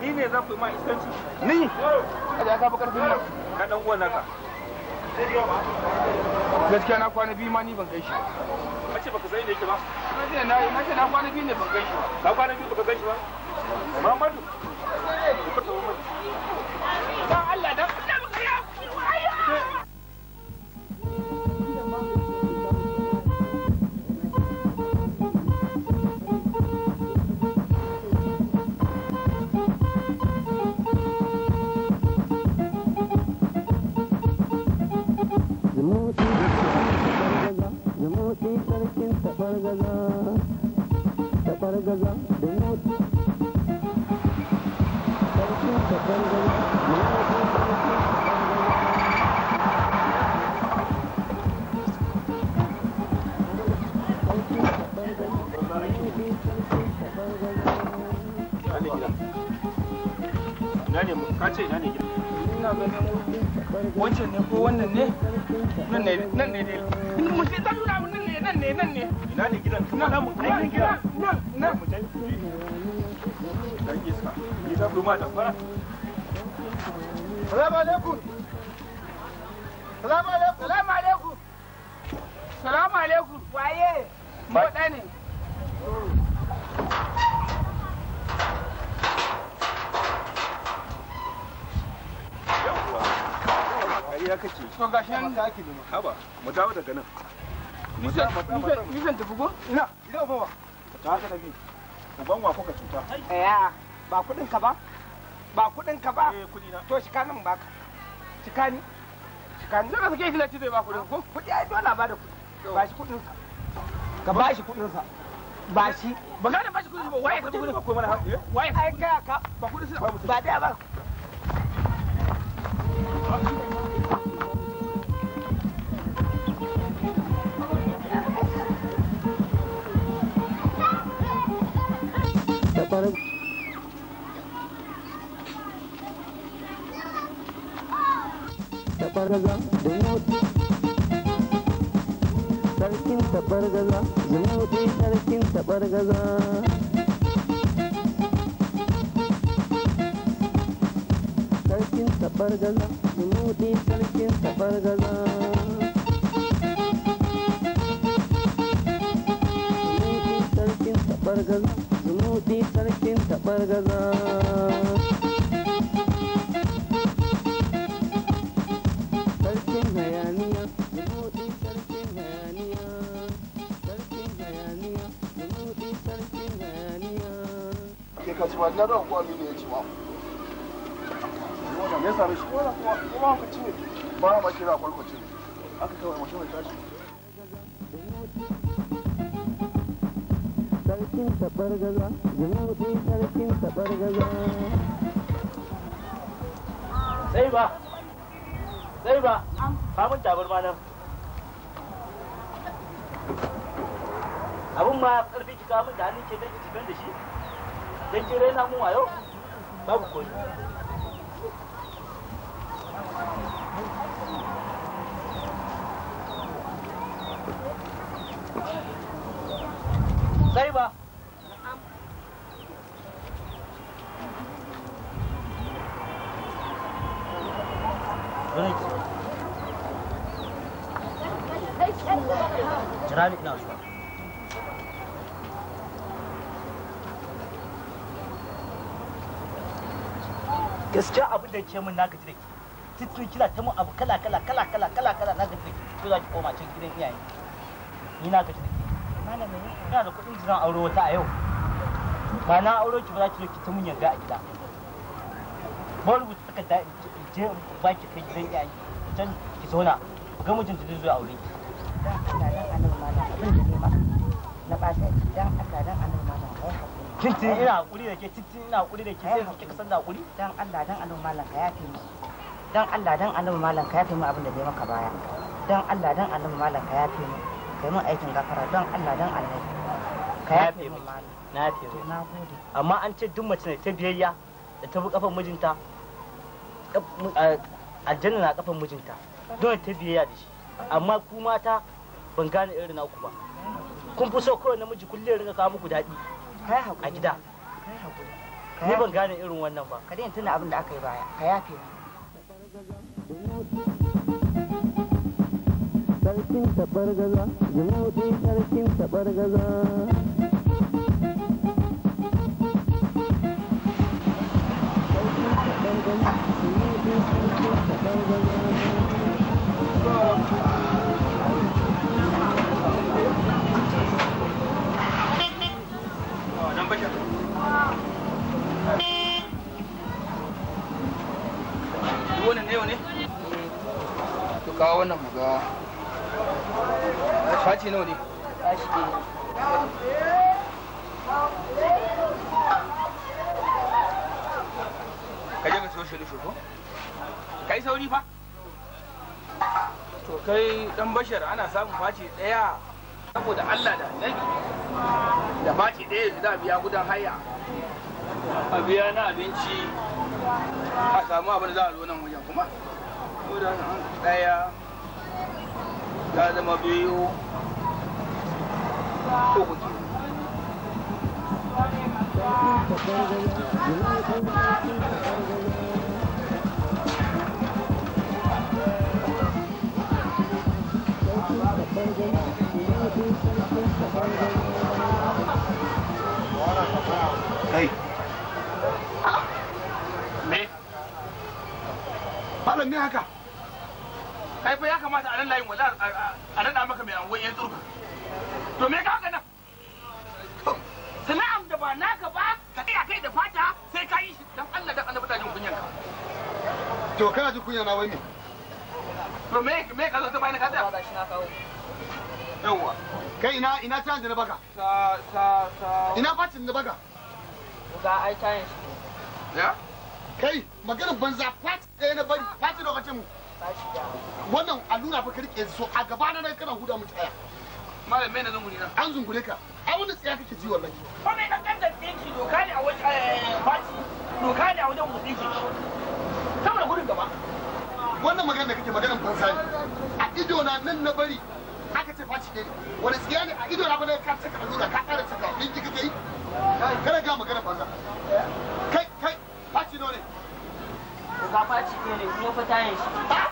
ni ne za ku yi ma iskanci ni da ya fi karfin nan na dan uwan naka gaskiya na kwana biyu ma ni ban gaishe. shi ba ce baka zai ne yake ba na ce na yi na ce na kwana biyu ne ban gaishe. shi ba ka kwana biyu baka kai shi ba Muhammadu ina ka ce ne ina ganin wancan ne ko wannan ne nan ne nan ne in mu sai ta nuna ne nan ne nan ne ina ne gidan kuma na mu gidan nan nan mu tai dan kuma fara salamu alaikum salamu alaikum salamu alaikum salamu alaikum waye mu ne ƙarya kake to gashi nan da ake nema haba mu dawo daga nan da mu tafi ina ina ta haka uban wa kuka cuta ba kudin ka ba ba kudin ka ba eh kudi na to shika nan baka shika ni shika ni zaka sake shi lati zai ba kudin ko kudi ai dole ba da kudi ba shi kudin sa ka ba shi kudin sa ba shi ba ga da ba shi kudin ba waye ka kudin ba ko mana waye ka ka ba kudin sa ba da ba Thank you. tabargaza zumuɗi sarkin tabargaza zumuɗi sarkin gaza sarkin tabargaza zumuɗi sarkin tabargaza zumuɗi sarkin gaza. buɗe sarkin taɓar gaza sarkin hayaniya sarkin sarkin ya ba ba ma kira aka kawai mashi mai tashi sarkin tabar gaza jinautin sarkin tabar gaza sai ba sai ba kamun tabar ma karfi ki kamun da hannun ke da ki da shi don ki raina mun wayo babu koyi sosai ba Jira ni gaskiya abin da ke min na gaji da ke titin kila ta mu abu kala kala kala kala kala kala na gaji da ke to za ki koma cikin gidan iyaye ni na gaji da ke ne ina tun da zan auro wata a yau ba na auro ki ba za ki zo ki ta mun yarda a gida ba rubuta saka da je ba ki kai gidan iyaye can ki zauna ga mijinta zai zo aure ki ina da ke ina da ke da Allah dan Allah mallan ka yafe mu dan Allah Allah mu abin da bai maka baya don Allah dan Allah mallan ka yafe mu kai mun aikin gafara don Allah dan Allah ka yafe mai na yafe mai amma an ce duk mace ne ta biyayya da ta bi kafan mijinta aljanna na kafan mijinta don ta biyayya da shi amma ku mata ban gane irin naku ba kun fi so kawai namiji kullum ringa kawo muku daɗi a gida ni ban gane irin wannan ba ka daina tuna abin da aka yi baya ka yafe sarkin tabar gaza sarkin tabar gaza wannan ne wane? to kawo wannan mu ga faci nawa ne? faci ne shirishi ko kai sauri fa to kai dan bashar ana samun faci daya saboda allah da annabi da faci daya yanzu za a biya gudan haya a biya na abinci a samu abin da za a zo nan wajen kuma daya ya zama biyu ko kuke Thank you. kai me malam me haka kai fa ya kamata a nan layin wala a nada maka mai angon yan turku to me ka haka nan sana'am da ba naka ba ka tsaya kai da fata sai ka yi shi dan Allah dan annabi da jin kunyan ka to kana jin kunya na wai me to me me ka zo ta bayan ka tsaya yawwa kai ina ina ta da baka sa sa sa ina bacin da baka buga ai tayin shi ya kai magana banza fat ɗaya na bari fat wata mu wannan allura fa rike so a gaba na nan kana huda mu taya malam me na zungure na an zungure ka a wani tsaya kake ji wallahi ko me dan kan da tsinki doka ne a wajen eh, fati doka ne a wajen mu tsinki saboda gudun gaba wannan magana da kake maganar banza ne a ido na nan na bari aka ce fashi ne wani tsiya ne a ido na bane ka cika allura ka ƙara cika ga magana banza kai kai ne ka fashi ne kuma yin shi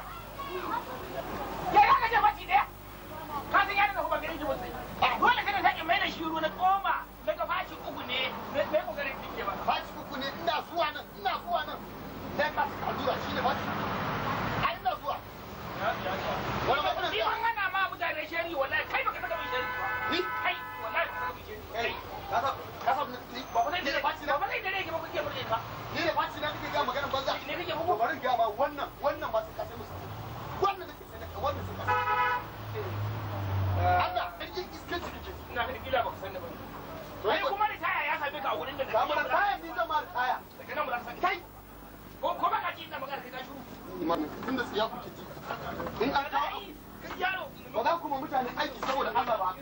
mutane saboda Allah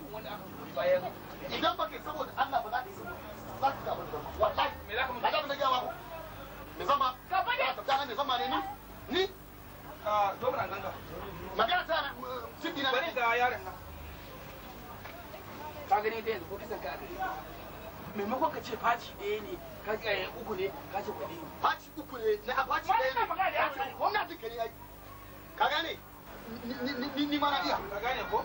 ba idan ba kai saboda Allah ba za ka yi saboda za ka gaba wallahi me za ka mutu ba me ka ka ga ne ni ni ah, a magana ta na uh, cikin na yaron ka gani da yanzu ko kisan ka gani maimakon ka ce faci ɗaya ne ka eh, uku ne ka ce kuɗi faci uku ne na faci ɗaya ne ce ne ka gane ni ma na iya ka gane ko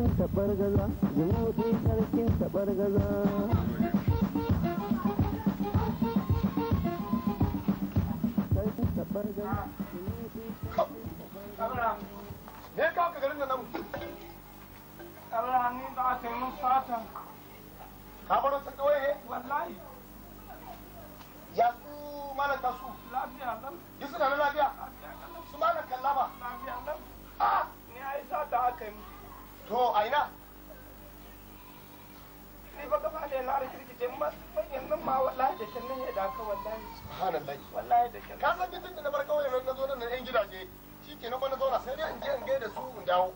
sarkin tabar gaza sarkin tabar gaza sarkin tabar gaza Me ka Allah ni da ake mun fata. Ka bar ta kawai wallahi. ya su lafiya nan yi suna na lafiya su lafiya nan ah! ni a yi sata aka yi to aina sai ni ba gaba da na rikirkice ma nan ma wallahi da kin ne da ka wallahi subhanallahi wallahi da kin ka san gidan da na bar kawai nan nazo nan yan gidaje shi ke nan na kwana zauna sai dai an je in gaida su in dawo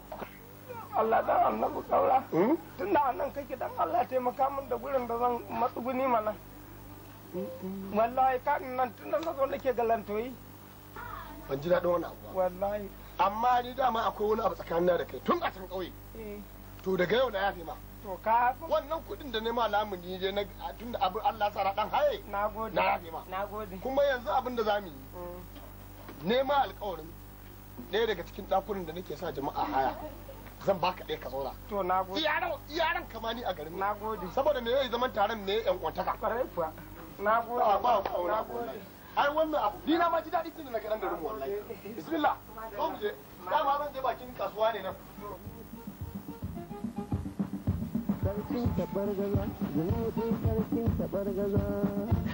Allah dan annabi kaura hmm? tun da nan kake dan Allah taimaka min da gurin da zan matsuguni mana wallahi ka nan tun da zo nake galantoyi ban ji daɗin wani abu wallahi amma ni dama akwai wani abu tsakanin da kai tun a can ƙauye eh. to daga yau na yafe ma to ka wannan kuɗin da nema ni je na tun da abu Allah sa dan haye na na yafe ma nagode kuma yanzu abin da zamu yi mm. nema alƙawarin ɗaya daga cikin dakurin da nake sa jama'a haya zan baka ɗaya ka zauna. To na gode. Iyaran kama ni a garin. nagode Saboda me yayi zaman taron me yan kwantaka. Kwarai kuwa. nagode gode. Ba ba ai wannan abu ni na ma ji daɗi tun da na kaɗan garin wallahi bismillah ko mu je ma zan je bakin kasuwa ne nan sarkin tabar gaza sarkin tabar gaza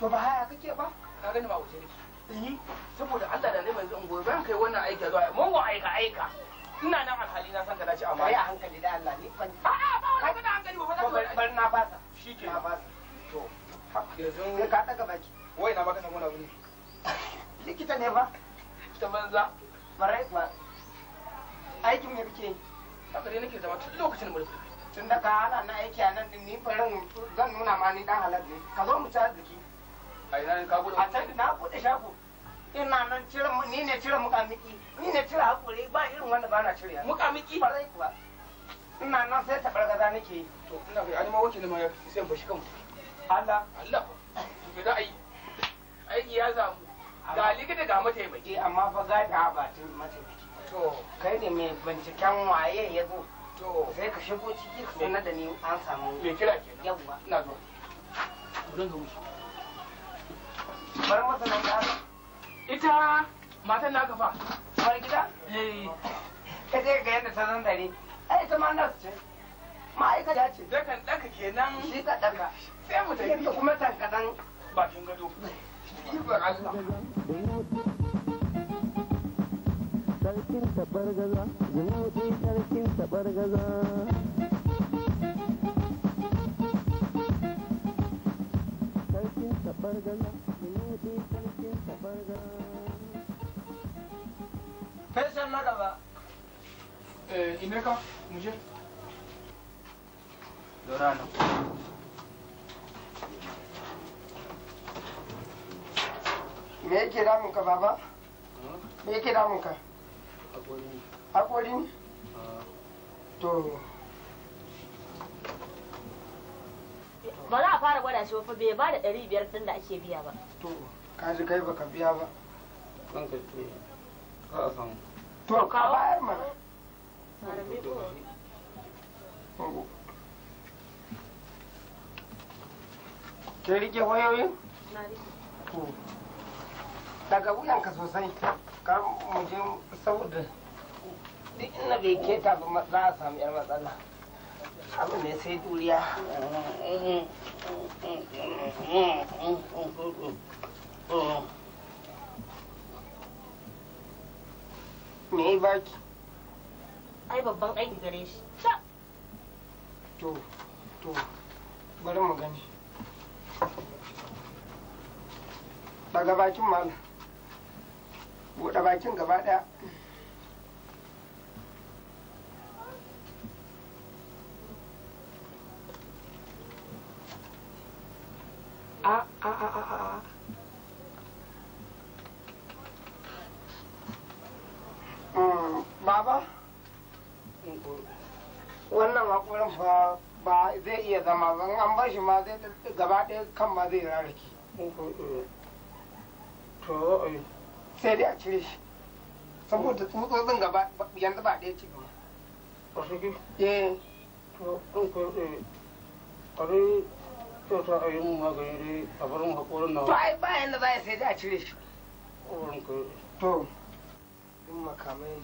to ba haya kake ba ka gani ba wuce nake eh, saboda Allah da ne neman zan goyi ban kai wannan aiki zuwa mun go aika aika ina nan alhali na san ka dace amma ya hankali da Allah ni ban a a ba da hankali ba fa bar na fasa shike na fasa to yanzu sai ka daga baki wai na baka san wani abu ne likita ne ba ta banza barai ba aikin me kake haka dai nake zama tun lokacin mulki tun da ka hana na aiki a nan din ni farin zan nuna ma ni dan halar ne ka zo mu ci arziki a can na bude shago ina nan cire ni ne cire mukamiki ni ne cire hakuri ba irin wanda ba na cire mukamiki ba zai kuwa ina nan sai ta bargaza nake to ina ga anima wace ne ma sai bashi kan Allah Allah to da ai aiki ya samu ga likita ga mataimaki eh, amma fa ga ta ba ta mataimaki to kai ne mai binciken waye ya zo to sai ka shigo ciki ka sanar da ni an samu me kira kenan yawwa ina zo zan ga mushi bar masa nan da ita matan naka fa bar gida eh. ka je ga yadda ta zan dare ai ita ma nas ce ma'aikata ce dakan daka kenan shi ka daka sai mu tafi kuma tankadan bakin gado sarkin tabar gaza zumuɗi sarkin tabar gaza sarkin tabar gaza loda ba eh imeka ka baba me yake damun ka hakori ne to ba za a fara gwada shi fa bai ba ɗari biyar ɗin da ake biya ba to ka ba a to ka bayar mana ke rike wayoyin? daga wuyanka sosai ka muje saboda duk inda bai keta ba za a samu yar matsala abu ne sai duriya Oh, me yi baki ai babban aiki gare shi gani daga bakin buɗe bakin gaba ah, ah, ah, ah, ah. Hmm. Baba? Wannan haƙurin fa ba zai iya zama ba, an ba shi ma zai gaba ɗaya kan ma zai rarraki. To sai dai a cire shi. Saboda tsutsotsin gaba yanzu ba ɗaya ci gaba. Eh. To in ko eh. Ƙari kyauta a yi mu magani dai a bar mu haƙurin nan. To ai ba yanda za a sai dai a cire shi. To. in makamai ne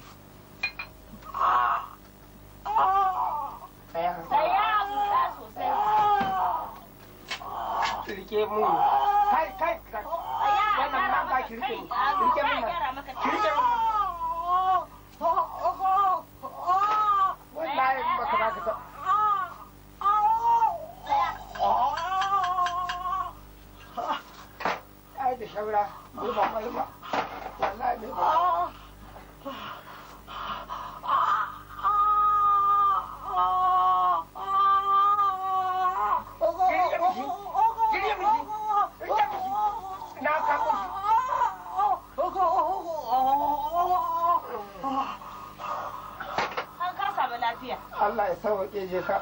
Allah ya sauke je ka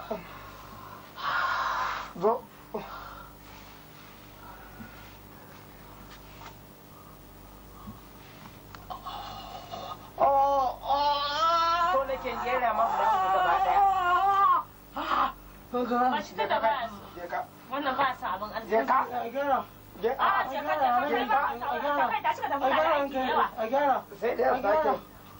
zo wannan ba sabon arziki. Jeka. Jeka. A jeka da kai da shi ka tafi da aiki yawa. Sai da ya sake.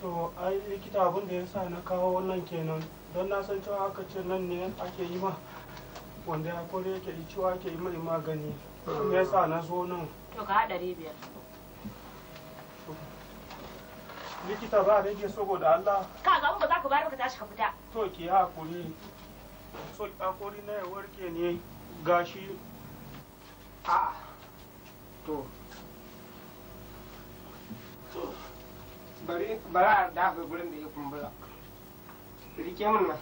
to ai likita abin da ya sa na kawo wannan kenan don na san cewa aka ce nan ne ake yi ma wanda ya kore yake yi cewa ake yi mai magani me ya sa na zo nan to ka haɗa biyar likita ba da rage saboda Allah ka ga ba za ka bari ka tashi ka fita to ki hakuri so hakuri na ya warke ne gashi a to to bari bari a dafa gurin da ya kumbura rike min nan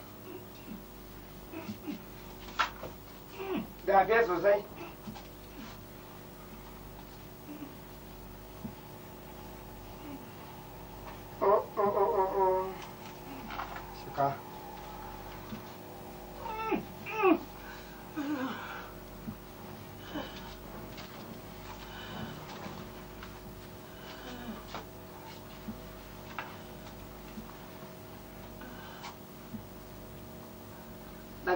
dafe sosai Oh, oh, oh, oh, oh. Shika.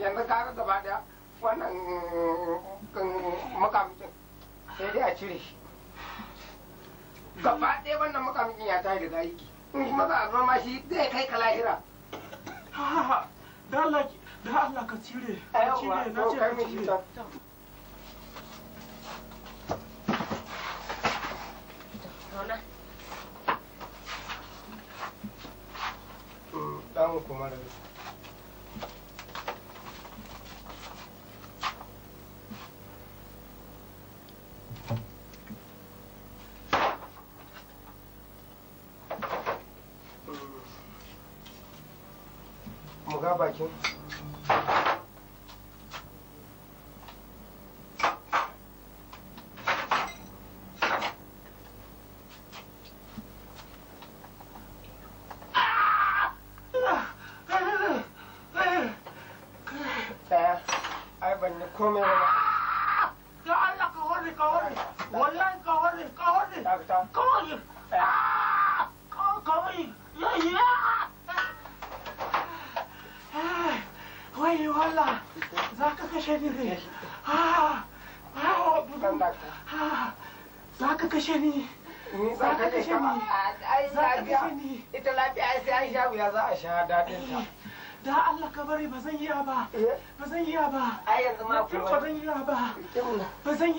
yanzu kaga gaba daya wannan mm, makamcin sai dai a cire shi gaba ɗaya wannan makamcin ya tashi daga aiki in kuma za a zama shi zai kai ka lahira da Allah ka cire ka cire na ce ka cire Dame un comando.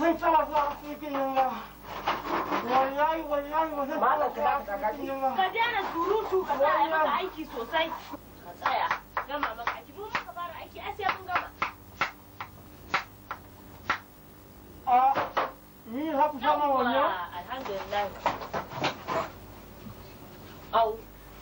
من شاء الله في الله wallahi wallahi wannan malam ka da ka gaji ka daina surutu ka sa ai maka aiki sosai ka tsaya gama maka aiki mu muka fara aiki ai sai mun gama a ni hafu sama wannan alhamdulillah au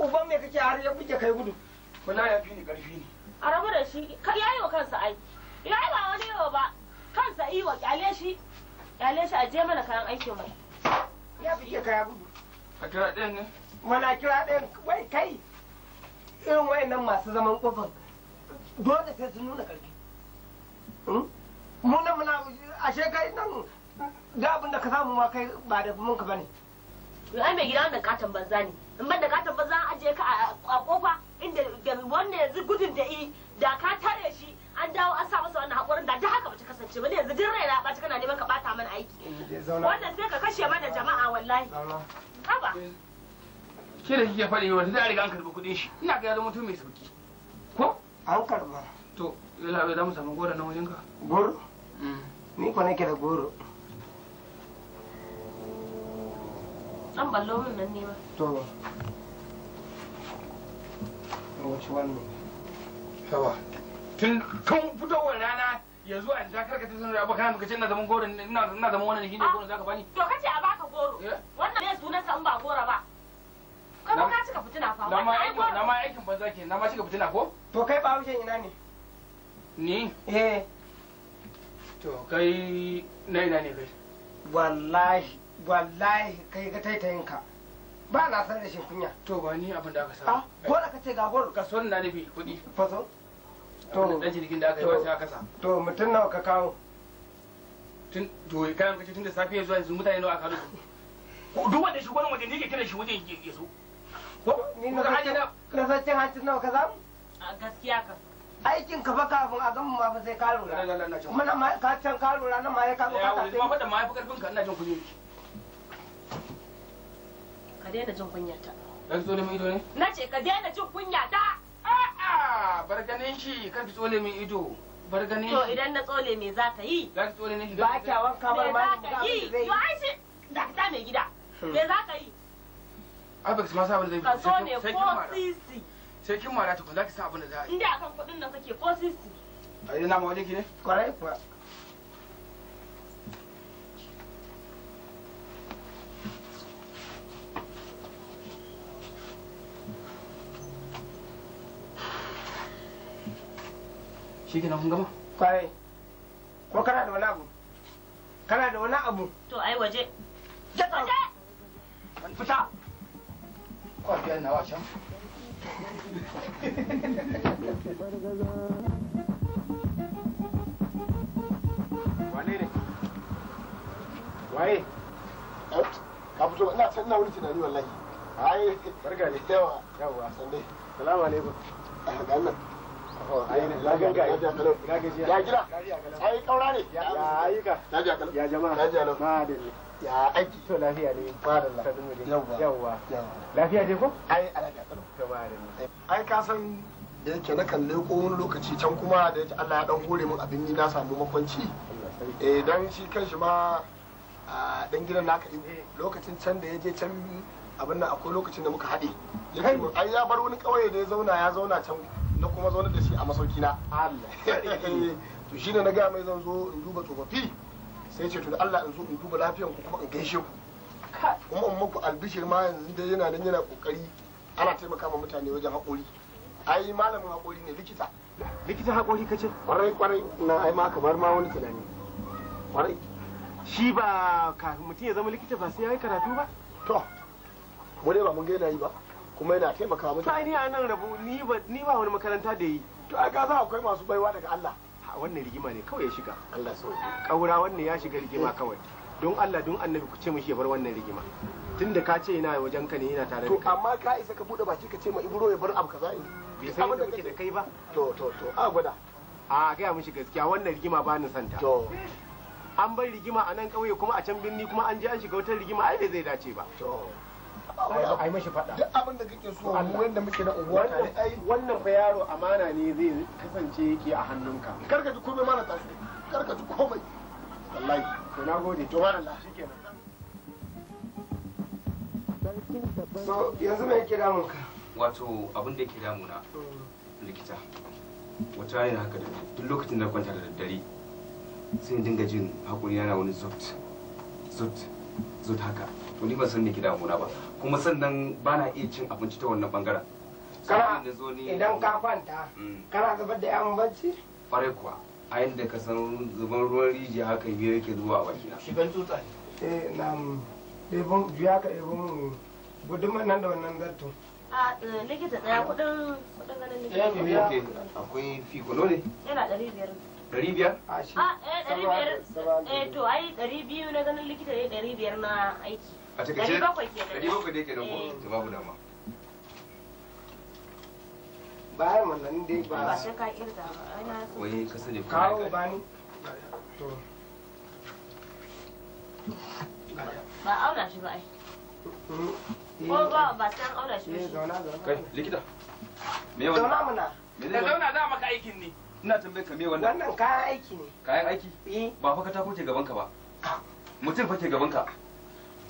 uban me kake har ya buke kai gudu wala ya fi ni karfi ne a rabu da shi ya yayi wa kansa ai ya ba wani yawa ba kansa yi wa kyale shi kyale shi a je mana kayan aikin mu ya buke kai gudu a kira ɗayan ne mana kira ɗayan wai kai irin wayannan masu zaman kofan dole sai sun nuna karfi hmm? Munan nan muna ashe kai nan da abin da ka samu ma kai ba da mun ka bane ai mai gida da katon banza ne in ban da ka tabbata za a ajiye ka a kofa inda wanda yanzu gudun da i da ka tare shi an dawo an sa masa wannan haƙurin da haka bace kasance ba ne yanzu duk raina ɓaci kana neman ka bata mana aiki eh, wanda sai ka kashe mana jama'a wallahi haba ke da kike faɗi wanda da riga an karɓi kuɗin shi ina ga yazo mutum mai sauki ko an karɓa to yalla bai za mu samu goro na wajenka goro mm. ni ko nake da goro an ballo min nan ne ba to wace wannan hawa tun kan fitowar rana ya zuwa yanzu ka karkata sun rabu kana muka ce ina zaman goro ina ina zaman wannan shine goro zaka bani to kace a baka goro eh? wannan ne sunan sa in ba goro ba kai ba ka cika fitina fa wannan ai goro na ma aikin banza ke na ma cika fitina ko to kai ba haushen ina ne ni eh to kai na ina ne kai wallahi wallahi kai ga taitayin ka ba na san da shi kunya to ba ni abin da aka sa ko da ce ga gwar ka son na nufi kuɗi faso to da jirgin da aka yi ba sai aka sa to mutun nawa ka kawo tun to kayan kace tun da safiya zuwa yanzu mutane nawa aka haɗu duk wanda shi gwanin waje ne yake kira shi waje ya zo ko ni na sace hancin nawa ka mu. a gaskiya ka aikin ka fa kafin a gama ma fa sai ka lura mana ma ka can ka lura nan ma ya ka bukata sai ma fa da ma ya fi karfin ka ina jin kuɗi Ka daina jin kunyata. ta. Ka tsole min ido ne? Na ce ka daina jin kunyata. A'a, bar ganin shi kan ki tsole min ido. Bar ganin shi. To idan na tsole me za ka yi? Za ki tsole ne shi. Ba kya wanka bar ma ga zai yi. To ai shi da ka mai gida. Hmm. Me za ka yi? Ai ba ki ma sabon zai. Ka so ne ko sisi. Sai kin mara ta tukun za ki sa abin da za a yi. Inda akan kuɗin nan kake ko sisi. A ina ma wajen ki ne? Kwarai kwa. shi kenan kun gama Kwaye, ko kana da wani abu kana da wani abu to ai waje waje fita kwafiyar na wacan wane ne waye ka fito ina san ina wani tunani wallahi ai barka ne yawa yawa san dai salamu alaikum ga nan ya gida ai ya ya jama'a ya aiki ka san da yake na kalle ko wani lokaci can kuma da yake Allah ya dan hore min abin yi na samu makwanci eh dan shi kanshi ma a dan gidan naka lokacin can da ya je can abin nan akwai lokacin da muka haɗe ya kai ai ya bar wani ƙauye da ya zauna ya zauna can na kuma zaunar da shi a masauki na Allah eh, to shi ne na gaya mai zan zo in duba tsofaffi sai ce to da Allah in zo in duba lafiyan ku kuma in gaishe ku kuma in muku albishir ma yanzu dai yana nan yana kokari ana taimaka ma mutane wajen haƙori ai malamin haƙori ne likita likita haƙori kace kwarai kwarai na ai ma kamar ma wani tunani kwarai shi ba kafin mutum ya zama likita ba sai ya yi karatu ba to mu dai ba mun ga yi ba kuma yana taimaka mutane ta ni a nan rabu ni ba ni ba wani makaranta da yi to ai ka za akwai masu baiwa daga Allah wannan rigima ne kawai ya shiga Allah so kaura wannan ya shiga rigima eh. kawai don Allah don annabi ku ce mishi ya bar wannan rigima tunda ka ce ina wajen ka ne ina tare da to amma ka isa ka bude baki ka ce ma ibro ya bar abu kaza ne bai san da kake da kai ba to to to a gwada a gaya mishi gaskiya wannan rigima ba ni santa to an bar rigima a nan kauye kuma a can birni kuma an je an shiga wata rigima ai bai zai dace ba to ai mashi faɗa duk abin da kake so mu wanda muke na unguwa tare ai wannan fa yaro amana ne zai kasance yake a hannunka kar ka ji komai mana tashi karka ka ji komai wallahi to na gode to wannan shikenan so yanzu me yake damun wato abin da yake damuna likita wata rana haka da duk lokacin da kwanta da daddare sai in dinga jin hakuri yana wani zot zot zot haka to ni ban san me ke damuna ba kuma sannan ba na iya cin abinci ta wannan bangaren kana idan ka kwanta mm. kana zubar da yan bacci kwarai kuwa a yadda ka san zuban ruwan rijiya haka biyu yake zuwa a bakina shigan ne. eh na ɗebin biya ka ɗebin mun gudunman nan da wannan zarto a eh, likita ɗaya kuɗin kuɗin ganin likita akwai fikulo ne yana ɗari biyar ɗari biyar? a eh, ɗari biyar eh to ai ɗari biyu na ganin likita ne ɗari biyar na aiki a takaice dari bakwai dai kenan ko to eh. babu dama bayan wannan ba ba sai ka kirga ba wai ka sani kawo bani to ba aura shi ba ai mm-hmm. ko ba ba san aura shi ba eh, kai likita me wannan zauna muna. da zauna za maka aikin ne ina tambayar ka me wannan wannan kayan aiki ne kayan aiki eh. ba fa ka tafi ke gaban ka ba ah. mutum fa ke gaban ka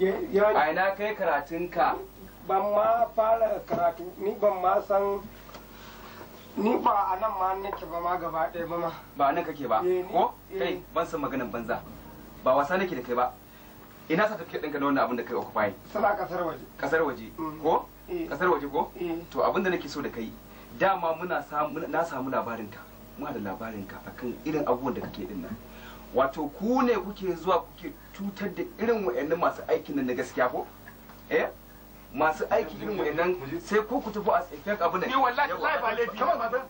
aina ina kai karatunka ban ma fara karatu ni ban ma san ni ba a nan ma nake ba ma gaba ɗaya ba ma ba nan kake ba ko eh, oh, eh. kai ban san maganin banza ba wasa nake da kai ba ina sa tafiya ɗinka na wannan abin da kai oku bayi sana kasar waje kasar mm. eh. waje ko kasar waje ko to abin da nake so da kai dama muna na samu labarinka muna da labarinka akan irin abubuwan da kake din nan wato ku ne kuke zuwa kuke cutar da irin wa'annan masu aikin nan na gaskiya ko eh masu aiki irin wa'annan sai ku ku tafi a tsakin abu ne ni wallahi wallahi ba laifi kamar ba zan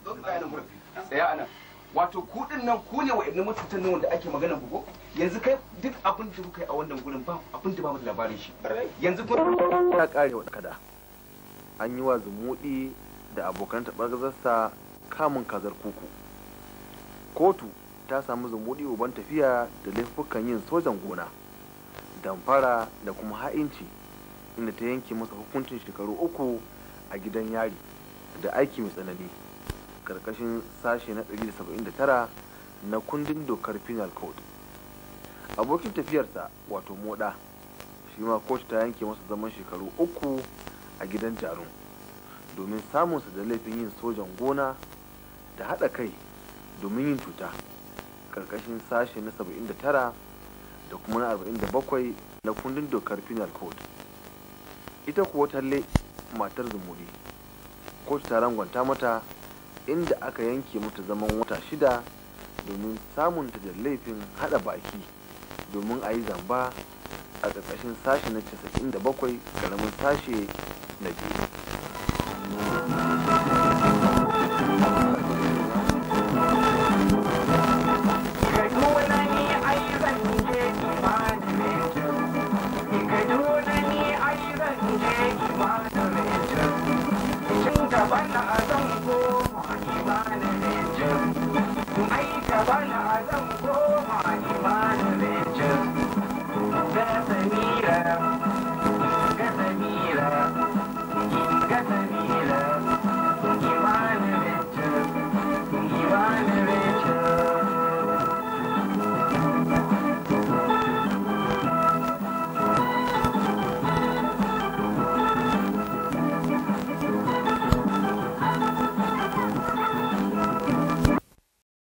tsaya anan wato ku din nan ku ne wa'annan mutuntan nan wanda ake magana ku ko yanzu kai duk abin da kuka yi a wannan gurin ba abin da ba mu da labarin shi yanzu kun ta kare wa kada an yi wa zumudi da abokan tabarzarsa kamun kazar kuku kotu ta samu zumuɗi uban tafiya da laifukan yin sojan gona damfara da kuma ha'inci inda ta yanke masa hukuncin shekaru uku a gidan yari da aiki mai tsanani karkashin sashe na 179 na kundin dokar penal code abokin tafiyarsa wato moda shi ma kotu ta yanke masa zaman shekaru uku a gidan jarum domin samunsa da laifin yin sojan gona da haɗa kai domin yin cuta karkashin sashe na 79 da kuma na 47 na kundin dokar penal code ita kuwa talle matar zumuri kotu ta rangwanta mata inda aka yanke mata zaman wata shida domin samunta da laifin hada baki domin a yi zamba a karkashin sashe na 97 ƙaramin sashe na biyu